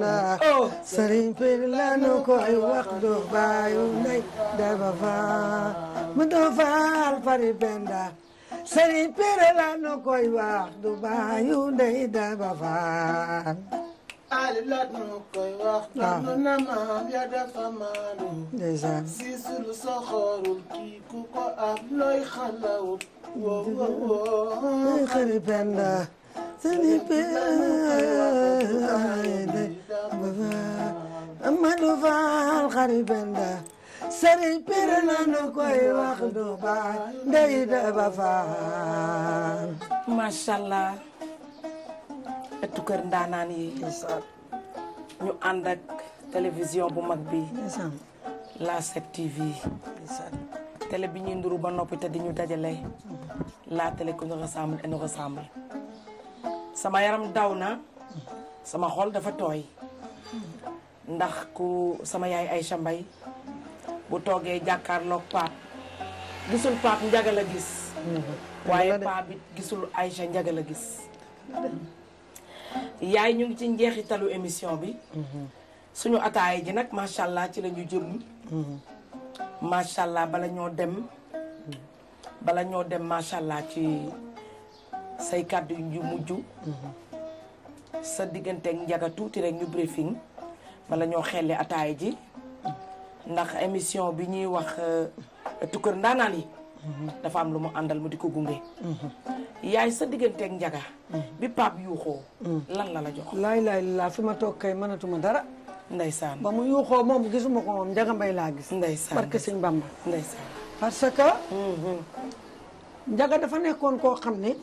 la oh. sëriñ per la nu koy wax do bayu daba faal mu do faal fari benda sëriñ per la nu koy wax do bayu daba faal ali laat nu koy wax ndax nu na maam ya dafa maanu si sulu soxorul kii ku ko am looy xalawut wow wow wow xari penda sani penda Amadou Fall xari penda sëriñ pere na nu koy wax du baax ndey da ba faal macha allah ëttu kër ndaanaan yi ñu ànd ak télévision bu mag bi la 7TV télé bi ñuy nduru ba noppi te di ñu dajale mm-hmm. la télé qui nous ressemble et sama yaram daw na mm-hmm. sama xol dafa tooy mm-hmm. ndax ku sama yaay Aïcha Mbaye bu toogee jàkkaarloog Pape gisul Pape Ndiaga la gis waaye Pape bi gisul Aïcha Ndiaga la gis yaay ñu ngi ci njeexitalu émission bi. Mhm. suñu ataay ji nag macha allah ci la ñu jëm. Mhm. macha allah bala ñoo dem. bala ñoo dem macha allah ci say kàddu yu mujj. Mhm. sa digganteeg njaga tuuti rek ñu briefing bala ñoo xelli ataay ji. ndax émission bi ñuy wax euh, tukkër ndaanaan yi. dafa am lu mu àndal mu di ko gunge. Mhm. yaay sa digganteeg njaga. Mhm. bi paap yuuxoo. Mhm. lan la la jox. laay laay laa fi ma toog kay mënatuma dara. ndeysaan ba mu yuuxoo moom gisuma ko moom njaga mbay laa gis. ndeysaan parce que sëñ parce que. njaga dafa nekkoon koo xam ne.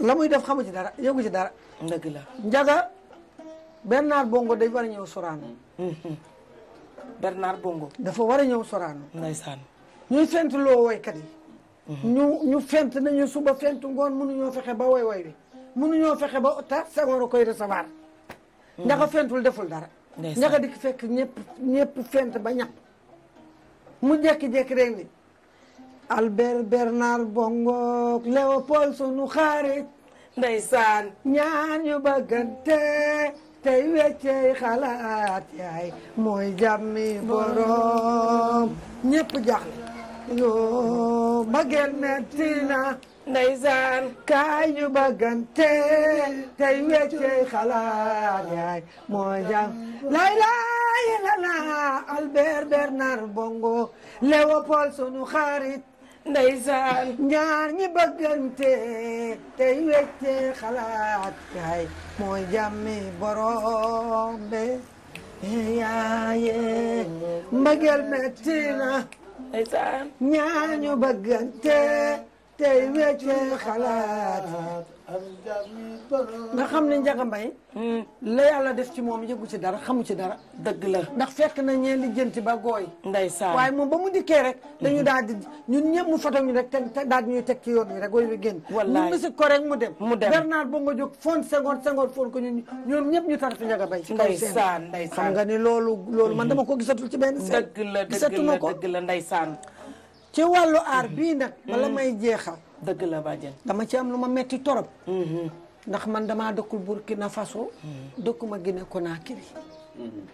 muy def xamu ci dara yëgu ci dara. dëgg la njaga Bernard Bongo day war a ñëw Sorano. Bernard Bongo. dafa war a ñëw Sorano. ndeysaan. ñuy fent loo woykat yi ñu ñu fent nañu suba fent ngoon mënuñoo fexe ba woy woy bi mënuñoo fexe ba ta Senghor a koy recevoir ndaxa mm-hmm. fentul deful dara ndaxa dikk fekk ñëpp ñëpp fent ba ñàpp mu jekki-jekki rek ni Albert Bernard Bongo Léopold sunu xarit ndeysaan ñaan yu bëggante tey weccey xalaat yaay mooy jàmmi borom ñëpp jaaxle yoo mbëggeel metti na ndeysaan kaay ñu bëggante tey weccee xalaat yaay mooy jam lay lay la la Bernard Bongo Léopold sunu xarit ndeysaan ñaar ñi bëggante tey weccee xalaat yaay mooy jàmmi borom be yaaye mbëggeel metti ñaañu bëggante tey wecce xalaat nga xam ne Njaga Mbay la yàlla def ci moom yëgu ci dara xamu ci dara dëgg la ndax fekk na ñee lijjanti ba gooy ndeysaan waaye moom ba mu dikkee rek dañu daal di ñun ñëpp mu foto ñu rek te daal di ñuy teg ci yoon wi rek way bi génn wallaay mu misik ko rek mu dem mu dem Bernard boo ma jóg foon sengoon sengoon foon ko ñu ñoom ñëpp ñu tar fi Njaga Mbay ci ndeysaan ndeysaan xam nga ni loolu loolu man dama ko gisatul ci benn seen dëgg la dëgg la dëgg la ndeysaan ci wàllu aar bii nag bala may jeexal dëgg la bàjjen dama ci am lu ma metti torop mhm. ndax man damaa dëkkul Burkina Faso mhm. dëkkuma Guinée Conakry mhm.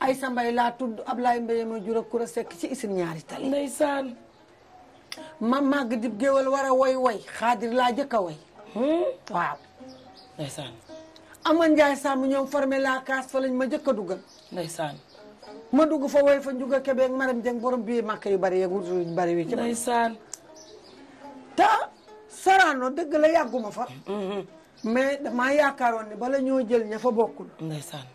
ay sa mbay laa tudd Ablaye Mbaye ma jur ak kura sekk ci isin ñaari tali ndeysaan ma màgg dib géwal war a woy woy xaadir laa jëkk a woy hmm? waaw ndeysaan aman Njaay la kaas fa lañ ma jëkk a duggal ndeysaan ma dugg fa woy fa njuga jëng borom bii màkk yu bari yeeg wutuñ bari wi ci ndeysaan te saraanoo dëgg la yàgguma fa. Mm-hmm. mais damaa yaakaaroon ne bala ñoo jël ña fa bokkul. ndeysaan.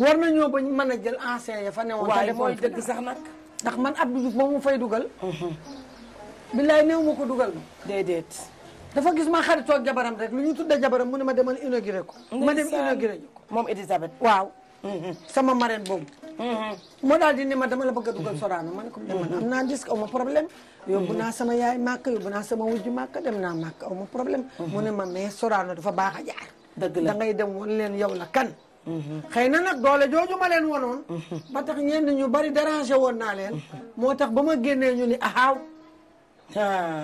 war nañoo ba mën a jël ancien ya fa newoon. waaye mooy dëgg sax nag. ndax man Abdou Diouf moom mu fay dugal. Mm-hmm. billaay néew ma ko dugal. déedéet. dafa gis ma xaritoo jabaram rek lu ñu tudde jabaram mu ne ma demal inauguré ko. ma dem inauguré ko moom Elisabeth waaw. Mm-hmm. sama marraine boobu. moo daal di ne ma dama la bëgg a dugal Sorano ma ko man naa disque aw ma problème yóbbu naa sama yaay màkk yóbbu naa sama wujju màkk dem naa màkk aw ma problème mu ne ma mais Sorano dafa baax a jaar dëgg la da ngay dem woon leen yow la kan mhm. xëy na nag doole jooju ma leen wonoon mhm. ba tax ñenn ñu bari dérangé woon naa leen moo tax ba ma génnee ñu ni ahaaw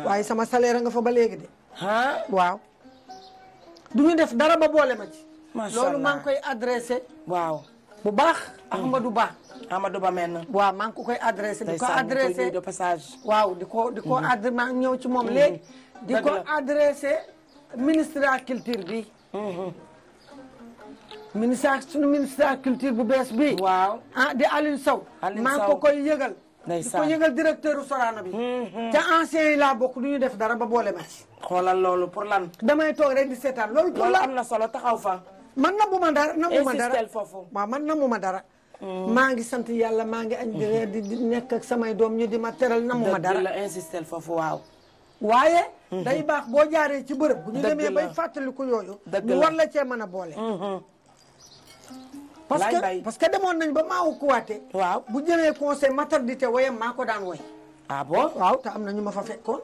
waaye sama salaire nga fa ba léegi de ah waaw du ñu def dara ba boole ma ci loolu maa ngi koy adressé waaw bu baax. Ahmadou Ba. Amadou Ba mel na. waaw maa ngi ko koy adressé. di ko adressé de passage. waaw di ko di ko mhm. ñëw ci moom mhm. léegi. di ko adressé ministre de la culture bi. Mhm. ministère suñu ministre de culture bu bees bi. waaw ah di Alioune Sow. Alioune Sow ko koy yëgal. ndeysaan di ko yëgal directeur Sorano bi. ca ancien yi laa bokk du ñu def dara ba boole ma ci. xoolal loolu pour lan. damay toog rek di seetaan loolu. pour lan am na solo taxaw fa. man na bu ma dara na mu dara foofu waaw man na mu ma dara mm. maa ngi sant yàlla maa ngi añ mhm. di nekk ak samay doom ñu di ma teral na ma dara la insister foofu waaw waaye mhm. day baax boo jaaree ci bërëb bu ñu demee bay fàttaliku yooyu ñu war la cee mën a boole mhm. parce que parce que demoon nañ ba maawu kuwaate waaw bu jëmee conseil maternité wayam maa ko daan woy ah bon waaw te am na ñu ma fa fekkoon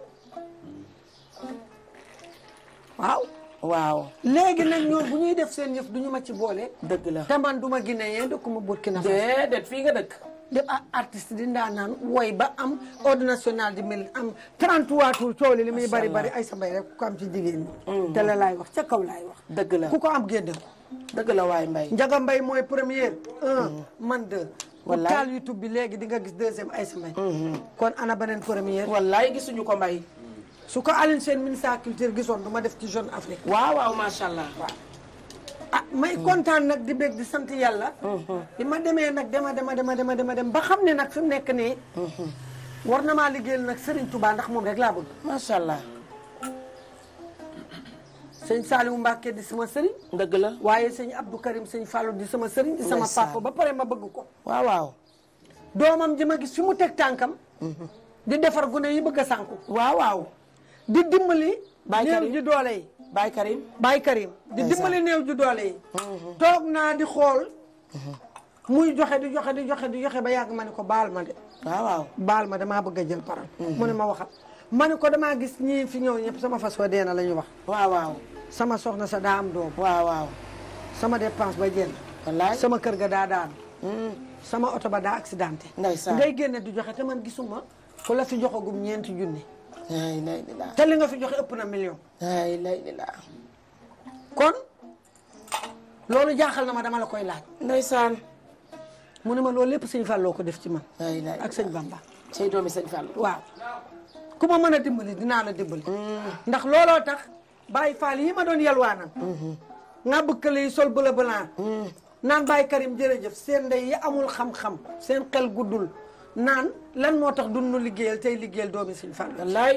waaw waaw léegi nag ñoom bu ñuy def seen yëf du ñu ma ci boole. dëgg la te man du ma guinéen dëkkuma Burkina Faso. déedéet fii nga dëkk. def ah artiste di ndaanaan woy ba am ordre di mel am 33 tour coow li muy bari bari ay sa mbay rek ku ko am ci jigéen ñi. Mm. laay wax ca kaw laay wax. dëgg la ku ko am génne dëgg la waay mbay. Njaga Mbay mooy premier mm. man deux. wallaay taal YouTube bi léegi di nga gis deuxième ay sa mm-hmm. kon ana beneen première. wallaay gisuñu ko mbay. su ko Alioune Sène ministre culture gisoon du def ci Jeune Afrique. waaw waaw macha allah waaw. ah may kontaan nag di bég di sant yàlla. Mhm. bi ma demee nag dema dema dema dema dema dem ba xam ne nag fi mu nekk nii. Mhm. war na maa liggéeyal nag Serigne Touba ndax moom rek laa bëgg. macha allah. sëñ Saliou Mbacke di sama sëriñ. dëgg la waaye sëñ Abdou Karim sëñ Fallou di sama sëriñ. sama papa ba pare ma bëgg ko. waaw waaw. doomam ji ma gis fi mu teg tànkam. Mhm. di defar gune yi bëgg a sànku. waaw waaw. di dimbali. Baye Karim néew ji doole yi. Baye Karim di dimbali néew ji doole mm-hmm. toog naa di xool. Mm-hmm. muy joxe di joxe di joxe di joxe ba yàgg ma ne ko baal ma de. waaw baal ma damaa bëgg a jël parole. Mm-hmm. mu ne ma waxat ma ne ko damaa gis ñii fi ñëw ñëpp sama fas wa dee na la ñu wax. waaw sama soxna sa daa am doom. waaw waaw. sama dépense ba jënd. wallaay sama kër ga daa daan. Mm. sama oto ba daa accidenté. ngay génne di joxe te man gisuma. ku la fi joxagum ñeenti junni. ay lay li nga fi jox ëpp na million. kon loolu jaaxal na ma dama la koy laaj. ndeysaan. mu ne ma loolu lépp sëñ Fallou ko def ci man. ak sëñ Bamba. say doomi sëñ Fallou. waaw ku ma mën a dimbali dinaa la dimbali. Mm. ndax looloo tax Baye Fall yi ma doon yalwaanal. Mm-hmm. nga bëkkale yi sol bële bëlaan. Mm. naan Baye Karim jërëjëf seen ndey amul xam-xam seen xel guddul. naan lan moo tax dunu liggéeyal tey liggéeyal doomi si fan wallaay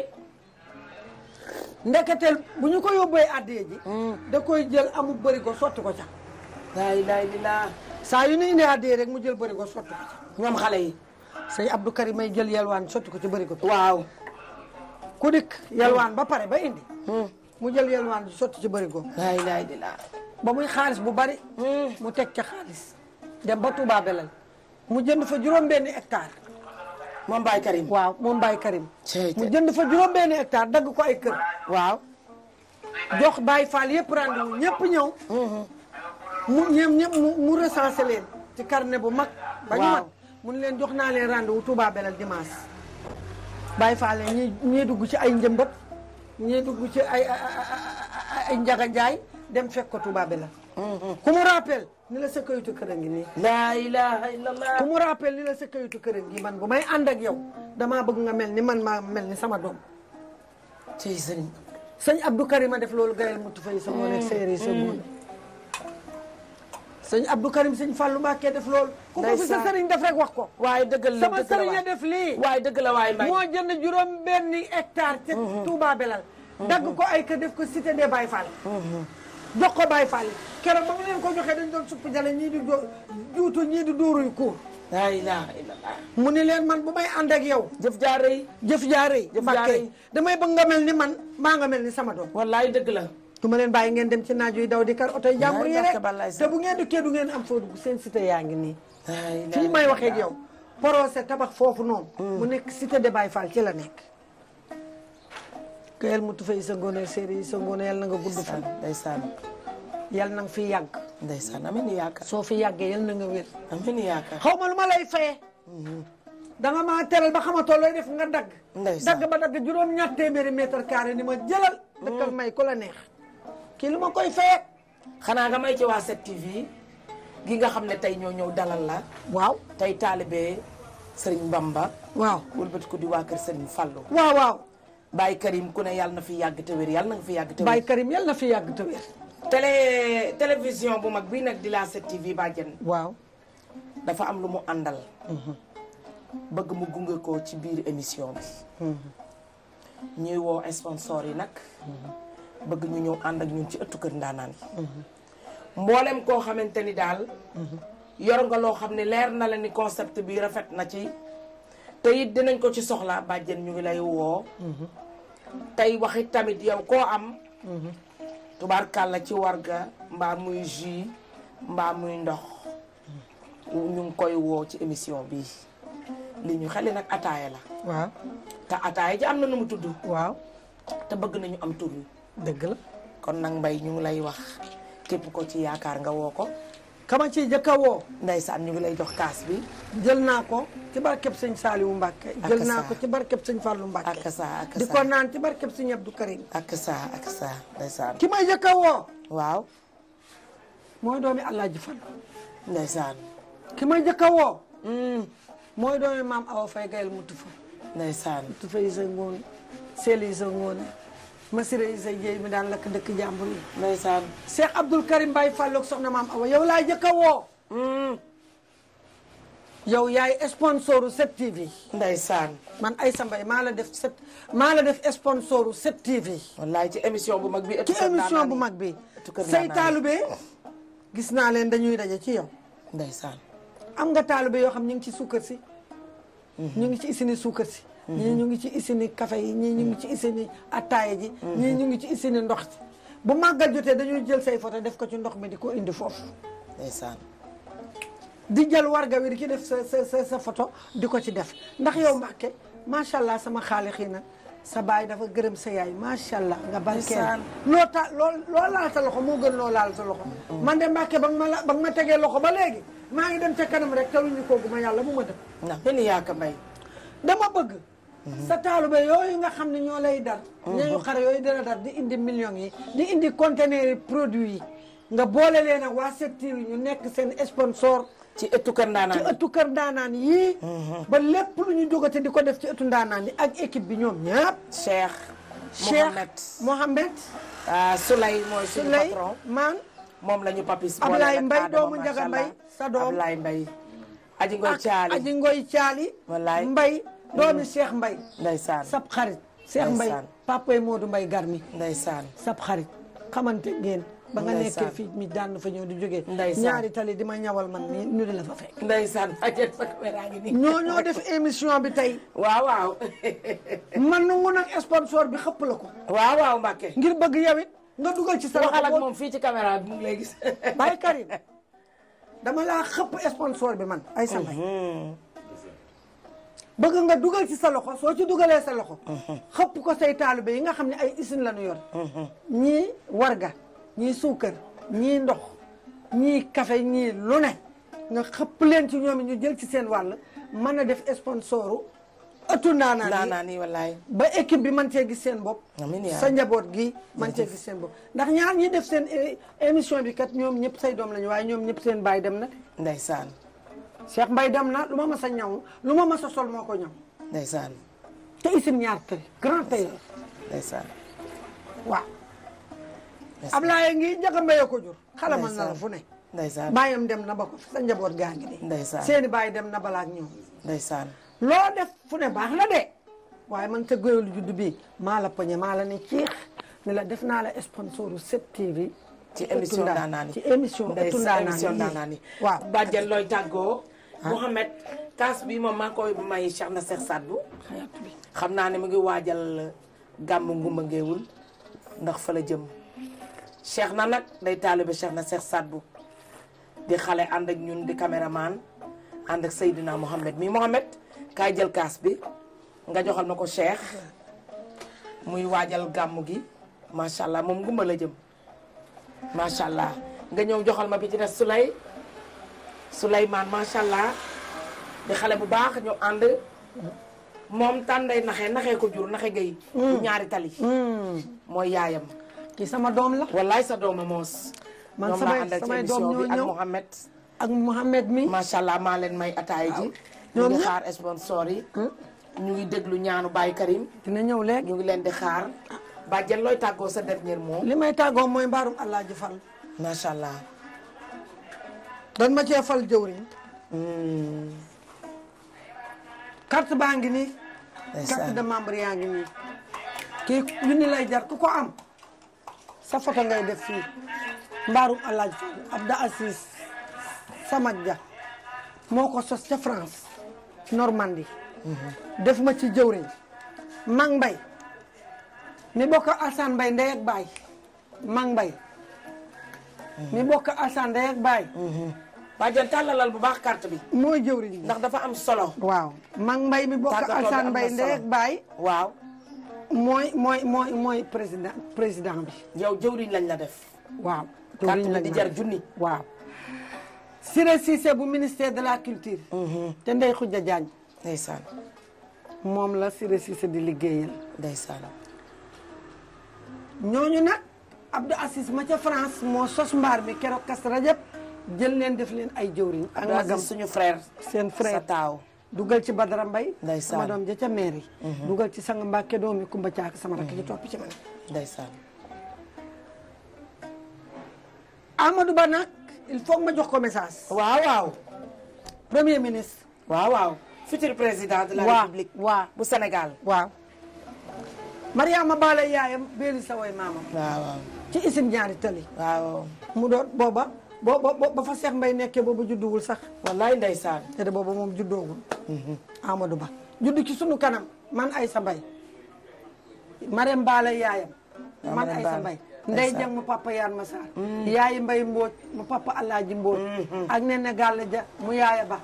ndeketeel bu ñu ko yóbbee addee ji mm. da koy jël amu bëri sotti ko ca laay laay li laa saa yu ñu rek mu jël bëri ko sotti ko ca ñoom xale yi sëñ Abdou Karim may jël yelwaan sotti ko ci bëri ko waaw ku dikk yelwaan ba pare ba indi mm. mu jël yelwaan sotti ci bëri ko laay ba muy xaalis bu bari mm. mu teg ca xaalis dem ba Touba Belal mu jënd fa juróom benn hectare moom Baye Karim waaw moom Baye Karim mu jënd fa juróom benn hectare dagg ko ay kër waaw jox Baye Fall yëpp rendez-vous ñëpp ñëw mu ñoom ñëpp mu leen ci carnet bu mag ba mun leen jox naa leen rendez-vous Touba Belel dimanche Baye Fall ñi ñii dugg ci ay njëmbat ñii dugg ci ay ay njaganjaay dem fekk ko Touba Belel ku mu ni la sa kayitu kër a ngi nii. laa ilaha illallah. ku ni la sa kayitu kër a ngi man bu may ànd ak yow damaa bëgg nga mel ni man maa mel ni sama doom. ci sëñ. sëñ Abdou Karim a def loolu gayal mu tufay sa ngoon ak mm. séeréer sa ngoon. Mm. sëñ Abdou Karim sëñ Fallou Mbacké def lool ku ko fi sa def rek wax ko. waaye dëgg la sama sëriñ def lii. waaye dëgg la waaye moo jënd juróom benni hectare. ca mm-hmm. mm-hmm. dagg ko ay def ko cité des Baye Fall. Mm-hmm. jox ko Baye Fall keroog ba mu leen ko joxee dañ doon supp jale ñii di doo juutu ñii di dóoruy kuur laa mu ni leen man bu may ànd ak yow jëf jaare yi jëf jaare yi Mbakke damay bëgg nga mel ni man maa nga mel ni sama doom wallaay dëgg la du ma leen bàyyi ngeen dem ci naaj yi daw di kar oto yi jàmbur yi rek te bu ngeen dikkee du ngeen am foo dugg seen cité yaa ngi nii fii may waxee ak yow procès tabax foofu noonu mm. mu nekk cité de Baye Fall ci la nekk ko yàlla mu tufay sa ngoone séeréer sa ngoone yàlla na nga gudd fan. ndeysaan yàlla na nga fi yàgg. ndeysaan amiin yaakaar. soo fi yàggee yàlla na nga wér. amiin yaakaar xaw ma lu ma lay fayee. Mhm. danga maa teral ba xamatoo looy def nga dagg. ndeysaan dagg ba dagg juróom ñaar téeméeri mètre carré ni ma jëlal. Mhm. dëkkal may ku la neex. kii lu ma koy fayee. xanaa nga may ci waa 7TV gi nga xam ne tey ñoo ñëw dalal la. waaw tey taalibe Serigne Bamba. waaw wëlbati ko di waa kër Serigne Fallou. waaw Baye Karim ku ne yàlla na fi yàgg te wér yàlla fi yàgg te wér. Baye Karim yàlla na fi yàgg te wér. télé bu mag bii nag di la 7TV bàjjen. waaw. dafa am lu mu àndal. Mhm. bëgg mu gunge ko ci biir émission bi. Mhm. ñuy woo sponsor yi nag. Mhm. bëgg ñu ñëw ànd ak ñun ci ëttu kër ndaanaan yi. mboolem koo xamante ni daal. yor nga loo xam ne leer na la ni concept bi rafet na ci. te it dinañ ko ci soxla bàjjen ñu ngi lay woo. tey waxit tamit yow koo am mhm. tubaarkàlla ci warga mbaa muy jus mbaa muy ndox ñu ngi koy woo ci émission bi li ñu xeli nag ataaya la waaw te ataaya ji am na nu mu tudd waaw te bëgg nañu am tur dëgg la kon nag mbay ñu ngi lay wax képp ko ci yaakaar nga woo ko kama ci njëkk a woo ndeysaan ñu ngi lay jox kaas bi jël naa ko ci barkeb sëñ Saliou Mbacke jël naa ko ci barkeb sëñ Fallou Mbacke ak sa ak di ko naan ci barkeb sëñ Abdou Karim ak sa ak sa ndeysaan ki may njëkk a woo waaw mooy doomi Alaaji Fallou ndeysaan ki may njëkk mm. mooy doomi maam Awa Faye gayel mu tufa ndeysaan tufa yi sa ngoon seel yi sa ngoone Massiré Issa Dieye mi daan lakk dëkk jàmbur yi. ndeysaan Cheikh Abdoul Karim Baye Fallouk soxna maam Awa yow laa njëkk a woo. Hmm. yow yaay sponsoru 7TV. saan man ay Mbaye maa la def set maa la def sponsoru 7TV. wallaay ci émission bu mag bi. ci bu mag bi. say taalube gis naa leen dañuy daje ci yow. ndeysaan am nga taalube yoo xam ñu ngi ci suukar si. Hmm. ñu ngi ci isini suukar si. ñii ñu ngi ci isini café yi ñii ñu ngi ci isini attaaya ji ñii ñu ngi ci isini ndox ji bu màggal jotee dañuy jël say photo def ko ci ndox mi di ko indi foofu ndeysaan di jël warga wi di ci def sa sa sa photo di ko ci def ndax yow Mbàkke macha allah sama xaali xii na sa baay dafa gërëm sa yaay macha allah nga barkeel loo ta loo loo laal sa loxo moo gën loo laal sa loxo man de Mbàkke ba nga ma la ba nga tegee loxo ba léegi maa ngi dem ca kanam rek taluñu koogu ma yàlla mu ma def ndax benn yaaka mbay dama bëgg sa taalube yooyu nga xam ne ñoo lay dar. Mhm. ñooñu xar yooyu dana dar di indi million yi di indi conteneur produit yi nga boole leen ak waa secteur ñu nekk seen sponsor. ci ëttu kër ndaanaan ci kër ndaanaan yii. Mhm. ba lépp lu ñu jógate di ko def ci ëttu ndaanaan yi ak équipe bi ñoom ñëpp. Cheikh. Mohamed Cheikh Mohamed. ah Souley mooy suñu patron moom lañu ñu papis boole nag Ablaye Mbaye doomu Njaga Mbaye sa doom aji ngoy caali aji doomi Cheikh Mbaye ndeysaan sab xarit Cheikh Mbaye papay Modou Mbaye garmi ndeysaan sab xarit xamante ngeen ba nga nekkee fii mi daan fa ñëw di jógee ñaari tali di ma man ni ñu di la fa fekk ndeysaan ajeen nii ñoo ñoo def émission bi tey waaw waaw man nu ngun sponsor bi xëpp la ko waaw waaw Mbacke ngir bëgg yawit nga dugal ci sa waxal ak moom fii ci caméra bi mu ngi lay dama laa xëpp sponsor bi man ay sa mbay mhm. bëgg nga dugal ci sa loxo soo ci dugalee sa loxo xëpp ko say taalibe yi nga xam ne ay usine la ñu yor ñii warga ñii suukar ñii ndox ñii kafe ñii lu ne nga xëpp leen ci ñoom ñu jël ci seen wàll mën a def sponsoru ëttu ndaanaan yi wallaay ba équipe bi man cee gis seen bopp sa njaboot gi man cee gis seen bopp ndax ñaar ñi def seen émission bi kat ñoom ñëpp say doom lañu waaye ñoom ñëpp seen baay dem na ndeysaan Cheikh Mbaye dem na lu ma mës a ñaw lu ma mës a sol moo ko ñaw. ndeysaan. te isim ñaar tëri grand tailleur. ndeysaan. waaw. ndeysaan Ablaye ngi Ndiaga Mbaye ko jur. xala man na la fu ne. ndeysaan baayam dem na ba ko sa njaboot gaa ngi de. seeni baay dem na balaa ak ñoom. loo def fu ne baax de waaye man sa góorlu juddu bi maa la poñe maa la ne ciix ne la def naa la sponsoru 7TV. ci émission daanaa ci émission daanaa nii waaw. looy tàggoo. Ah. Mouhamed kaas bi moom maa koy may Cheikh na Cheikh Saddu xam naa ne mu ngi waajal gàmmu ngumba ngeewul ndax fa la jëm Cheikh na nag day taalibe Cheikh na Cheikh Saddu di xale ànd ak ñun di caméraman ànd ak Seydina Mouhamed mi Mouhamed kaay jël kaas bi nga joxal na ko Cheikh muy waajal gàmmu gi macha allah moom ngumba la jëm macha nga ñëw joxal ma bi ci des Souley Souleymane macha allah di xale bu baax ñu ànd moom tànday naxee naxee ko jur naxe gay mm. ñaari tali mm. mooy yaayam kii sama doom la wallaay sa dooma moos man samay samay doom ñoo ñëw ak Mouhamed ak Mouhamed mi macha allah maa leen may ataay ji ñu ngi xaar sponsor yi ñu ngi déglu ñaanu Baye Karim dina ñëw léegi ñu ngi leen di xaar bàjjen looy tàggoo sa dernier mot li may tàggoo mooy mbaarum allah ji fal allah dan ma cee fal jëwriñ hmm. carte baa ngi nii carte de membre yaa ngi nii kii ñu ni lay jar ku ko am sa photo ngay def fii mbaarum alaaj Fall Abda Assis Samad Dia moo ko sos ca France Normandie hmm. def ma ci jëwriñ mang mbay ni bokk Alsaan bay ndey baay mang mbay mi bokk alsaan day ak baay bàjjan tàllalal bu baax carte bi mooy jëwriñ ndax dafa am solo waaw mang mbay mi bokk alsaan mbay ndey ak baay waaw mooy mooy mooy mooy président président bi yow jëwriñ lañ la def waaw jëwriñ la di jar junni waaw Siré Cissé bu ministère de la culture mm-hmm. te Ndey Xuja Jaañ ndeysaan moom la Siré Cissé di liggéeyal ndeysaan ñooñu nag Abdou Assis ma ca France moo sos mbaar mi keroog kas rajab jël leen def leen ay jëwriñ ak magam suñu frère seen frère taaw dugal ci Badara Mbay sama doom ja ca mairie mhm. dugal ci sang Mbàkke doomi Kumba Caak sama rakk ji mhm. topp ci man ndeysaan Amadou il faut ma jox ko message waaw waaw premier yaayam béeli sa way maamam ci isim ñaari tali. mu doon booba booba ba fa Seex Mbay nekkee booba judduwul sax. wallaay ndeysaan. te de booba moom juddoogul. Mhm. Amadou Ba juddu ci sunu kanam man ay sa Mbay. Marème Bala yaayam. man Aysa Mbay. nday jang mu papa yaan ma saar mhm. yaayi mbay mbooj mu papa alaaji mbooj mhm. ak nen na ja mu yaaya ba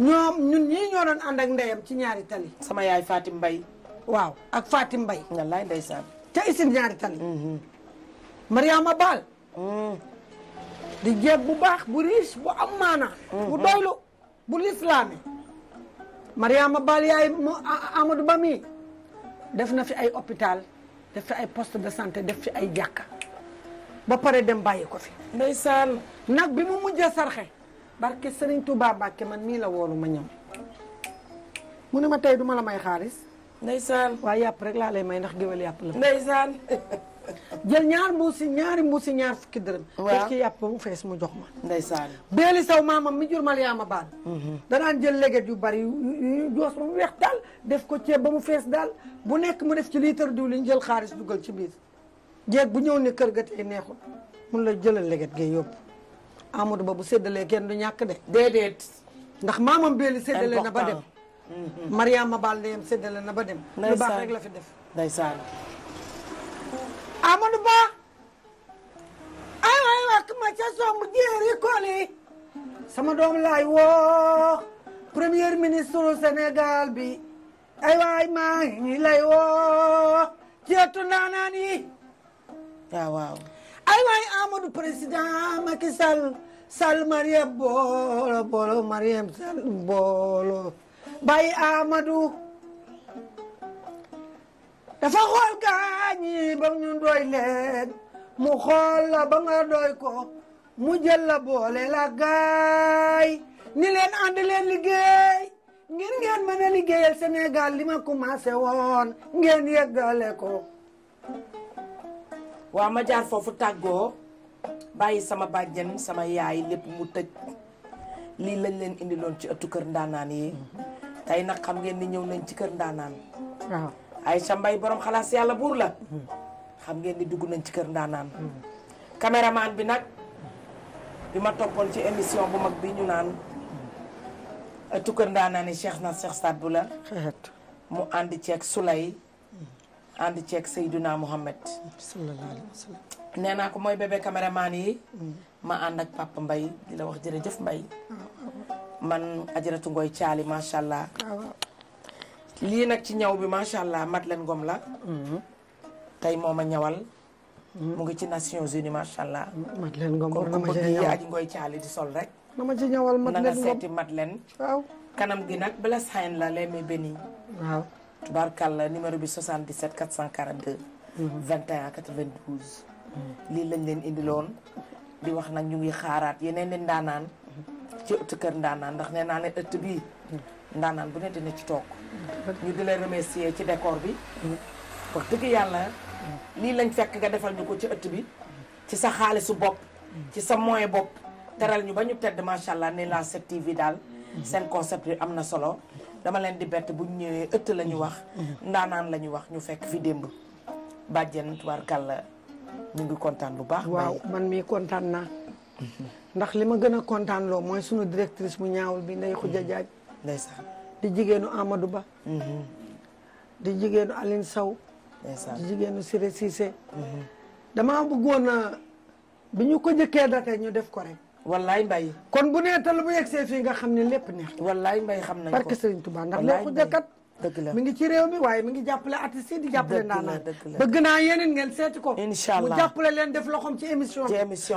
ñoom ñun ñii ñoo doon ànd ak ci ñaari tali sama yaay Fatim Mbay waaw ak Fatim Mbay wallaay ndeysaan ca isin ñaari tali Mariama Baal. Mm. di jeeg bu baax bu riche bu am maana bu doylu bu lislaami Mariama Baal yaay Amadou Ba mi def na fi ay hôpital def fi ay post de santé def fi ay jàkka ba pare dem bàyyi ko fi ndeysaan nag bi mu mujjee sarxe barke Serigne tubaab Mbacke man mii la woolu ma ñëw mu ne ma tey duma la may xaalis ndeysaan waaye yàpp rek laa lay may ndax géwél yàpp la ndeysaan jël ñaar mbuusi ñaari mbuusi ñaar fukki dërëm. waaw def ci yàpp mu fees mu jox ma. ndeysaan. beeli saw maamam mi jur Mariama Baal. Mhm. danaan jël leget yu bari yu joos mu weex daal def ko ceeb ba mu fees daal bu nekk mu def ci litre diwlin jël xaalis dugal ci biir. jeeg bu ñëw ne kër ga tey neexul mun la jëlal leget gee yóbbu Amadou Ba bu séddalee kenn du ñàkk de. déedéet. ndax maamam beeli séddale na ba dem. Mhm. Mariama Baal ndeyam séddale na ba dem. lu baax rek la fi def. ndeysaan. Amadou Ba ay waay wàkk ma ca somb jéeri koli sama doom laay woo premier ministre Sénégal bi ay waay maa ngi lay woo ceetu ndaanaan yi ay waay Amadou président Macky Sall Sall Mariam boolo boolo Mariam Sall boolo bàyyi Amadou dafa xool gaañi ba ñu doy leen mu xool la ba nga doy ko mu jël la boole la gaay ni leen ànd leen liggéey ngir ngeen mën a liggéeyal Sénégal li ma commencé woon ngeen yeggale ko waaw ma jaar foofu tàggoo bàyyi sama bàjjen sama yaay lépp mu tëj lii lañ leen indiloon ci ëttu kër ndaanaan yi mm-hmm. tey na xam ngeen ni ñëw nañ ci kër ndaanaan ay sa mbay borom xalaas yàlla buur la xam ngeen ni dugg nañ ci kër ndaanaan caméraman bi nag bi ma toppoon ci émission bu mag bi ñu naan ëttu kër ndaanaan yi Cheikh na Cheikh Saad la mu ànd ceeg Soulay ànd ceeg Seydouna Mohamed sallallahu alayhi nee naa ko mooy bébé caméraman yi ma ànd ak Papa Mbaye di la wax jërëjëf Mbaye ah, ah, ah. man ajaratu ngoy caali macha allah lii nag ci ñaw bi macha allah Madeleine Ngom la. Mm-hmm. tey moom a ñawal. Mm-hmm. mu ngi ci Nations Unies macha allah. Madeleine Ngom kon ku bëgg yi aji ngoy caali di sol rek. na ma ci ñawal Madeleine Ngom na kanam gi nag bala sañ numéro bi 77 442. 21 92. lii lañ leen indiloon. di wax nag ñu ngi xaaraat yeneen i ndaanaan. Mm-hmm. ci ëtt kër ndaanaan ndax nee naa leen ëtt bii. ndaanaan bu ne dina ci toog. ñu di la remercier ci décor bi wax dëgg yàlla lii lañ fekk nga defal ñu ko ci ëtt bi ci sa xaalisu bopp ci sa moyen bopp teral ñu ba ñu tedd macha allah ne la 7TV daal seen concept yi am na solo dama leen di bett bu ñëwee ëtt la ñu wax ndaanaan la ñu wax ñu fekk fi démb bàjjen tubaarkàlla ñu ngi kontaan bu baax waaw man mii kontaan naa ndax li ma gën a kontaan loo mooy sunu directrice bu ñaawul bi a Khoudia Diagne ndeysaan di jigéenu Amadou Ba. Mm-hmm. di jigéenu Aline Sow. di jigéenu Siré sise mm-hmm. damaa bëggoon a bi ñu ko jëkkee date ñu def ko rek. wallaay mbay. kon bu nee tal bu yegsee fii nga xam ne lépp neex. wallaay mbay xam nañ parce que Serigne Touba ndax loo ko jëkkat. dëgg la mi ngi ci réew mi waaye mi ngi jàppale artistes yi di jàppale ndaanaan bëgg naa yeneen ngeen seeti ko incha allah mu jàppale leen def loxoom ci émission bi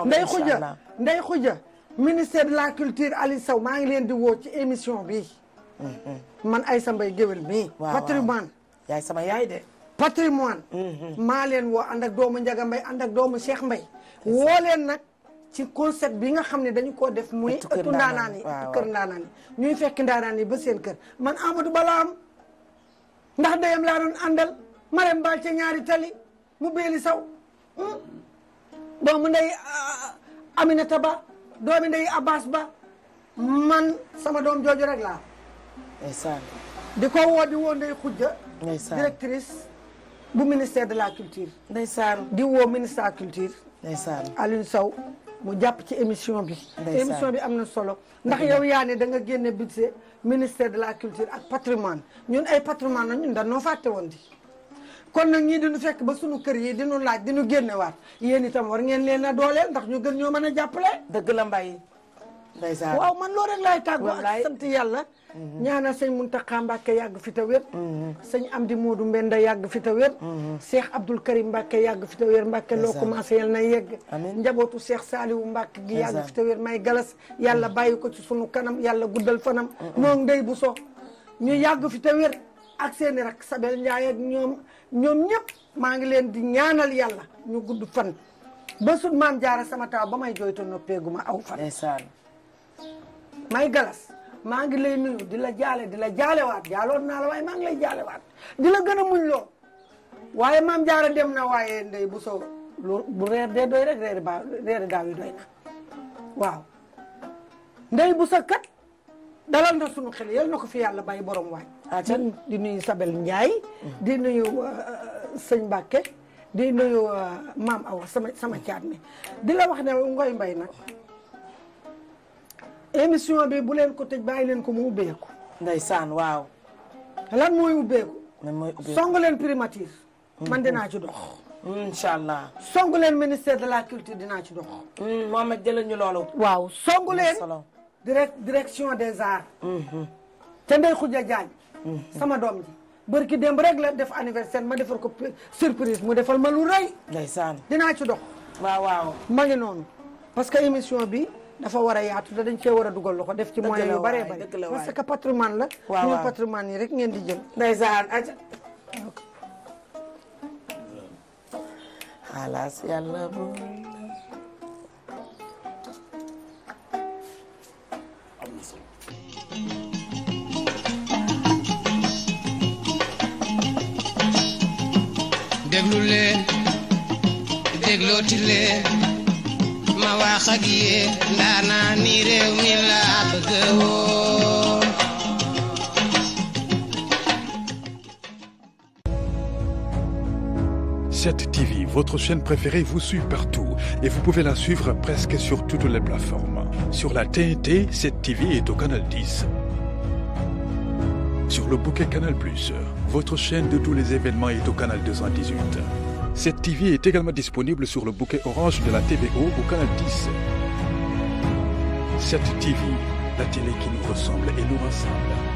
nday xuja nday xuja ministère de la culture Aliou Sow maa ngi leen di woo ci émission bi man ay sambay géwél mii patrimoine yaay sama yaay de patrimoine mm-hmm. maa leen woo ànd ak doomu Njaga Mbay ànd ak doomu Cheikh Mbay woo leen nag ci concept bi nga xam ne dañu koo def muy ëttu ndaanaan ñuy fekk ndaanaan yi ba seen kër man Amadou Bala am ndax dayam laa doon àndal Marème Ba ca ñaari tali mu beeli saw hmm? doomu ndey Aminata Ba doomu ndey Abbas Ba man sama doom jooju rek laa ndeysaan di ko woo di woo Ndeye Khoudia ndeysaan directrice bu ministère de la culture ndeysaan di woo ministère de la culture ndeysaan Alioune Sow mu jàpp ci émission bi émission bi am na solo ndax yow yaa ne da nga génne budget ministère de la culture ak patrimoine ñun ay patrimoine na ñun dañoo fàtte woon di kon nag ñii nu fekk ba sunu kër yi diñu laaj diñu génnewaat yéen itam war ngeen leen a dooleel ndax ñu gën ñoo mën a jàppale dëgg la mbay ndeysaan waaw man loolu rek laay tàggoo ak sant yàlla ñaanal sëñ Muntaxa Mbàkke yàgg fi te am di Amdi Moodu Mbenda yàgg fi te wér Cheikh mhm. Abdoul Karim Mbàkke yàgg fi te Mbàkke loo commencé yal na yegg njabootu Cheikh Saaliwu Mbàkke gi yàgg te wér may galas yàlla mhm. bàyyi ko ci sunu kanam yàlla guddal fanam mhm. noon ndey bu so ñu yàgg fi te wér ak seeni rak Sabel Njaay ak ñoom ñoom maa ngi leen di ñaanal yàlla ñu gudd fan ba sut maam jaara sama taa ba may jooytu noppeeguma aw fan may galas maa ngi lay nuyu di la jaale di la jaalewaat jaaloon naa la waaye maa ngi lay jaalewaat di la gën a muñ loo waaye maam jaara dem na waaye nday bu soo bu reer dee doy rek ba reer daaw yi ndey bu sa dalal na sunu xel yal na ko fi yàlla bay borom waay acan di nuyu Sabel Ndiaye mm. di nuyu uh, sëñ Mbàkke di nuyu uh, maam Awa sama sama caat mi di la wax ne Ngoy Mbay nag émission bi bu leen ko tëj bàyyi leen ko mu ubbeeku. saan waaw. lan mooy ubbeeku. lan mooy leen primature. man dinaa ci dox. Mm, incha allah. song leen ministère de la culture dinaa ci dox. Mm, Mohamed jëlee ñu loolu. waaw song leen. direct direction des arts. Mm-hmm. te Ndeye Khoudia Diagne. Mm-hmm. sama doom ji. barki démb rek la def anniversaire ma defar ko surprise mu defal ma lu rëy. ndeysaan dinaa ci dox. waaw waaw ma ngi noonu. parce que émission bi. dafa war a yaatu te dañ cee war a dugal loxo def ci moyens yu bare bare parce que patrimoine la waaw waaw rek ngeen di jël ndeysaan aja xalaas yàlla bu déglu leen déglooti leen ma wax ak yéen ndaanaan ni réew mi laa bëgg woon Cette TV, votre chaîne préférée, vous suit partout et vous pouvez la suivre presque sur toutes les plateformes. Sur la TNT, cette TV est au canal Sur le bouquet Canal+, votre chaîne de tous les événements est au canal Cette TV est également disponible sur le bouquet orange de la TVO au canal Cette TV, la télé qui nous ressemble et nous rassemble.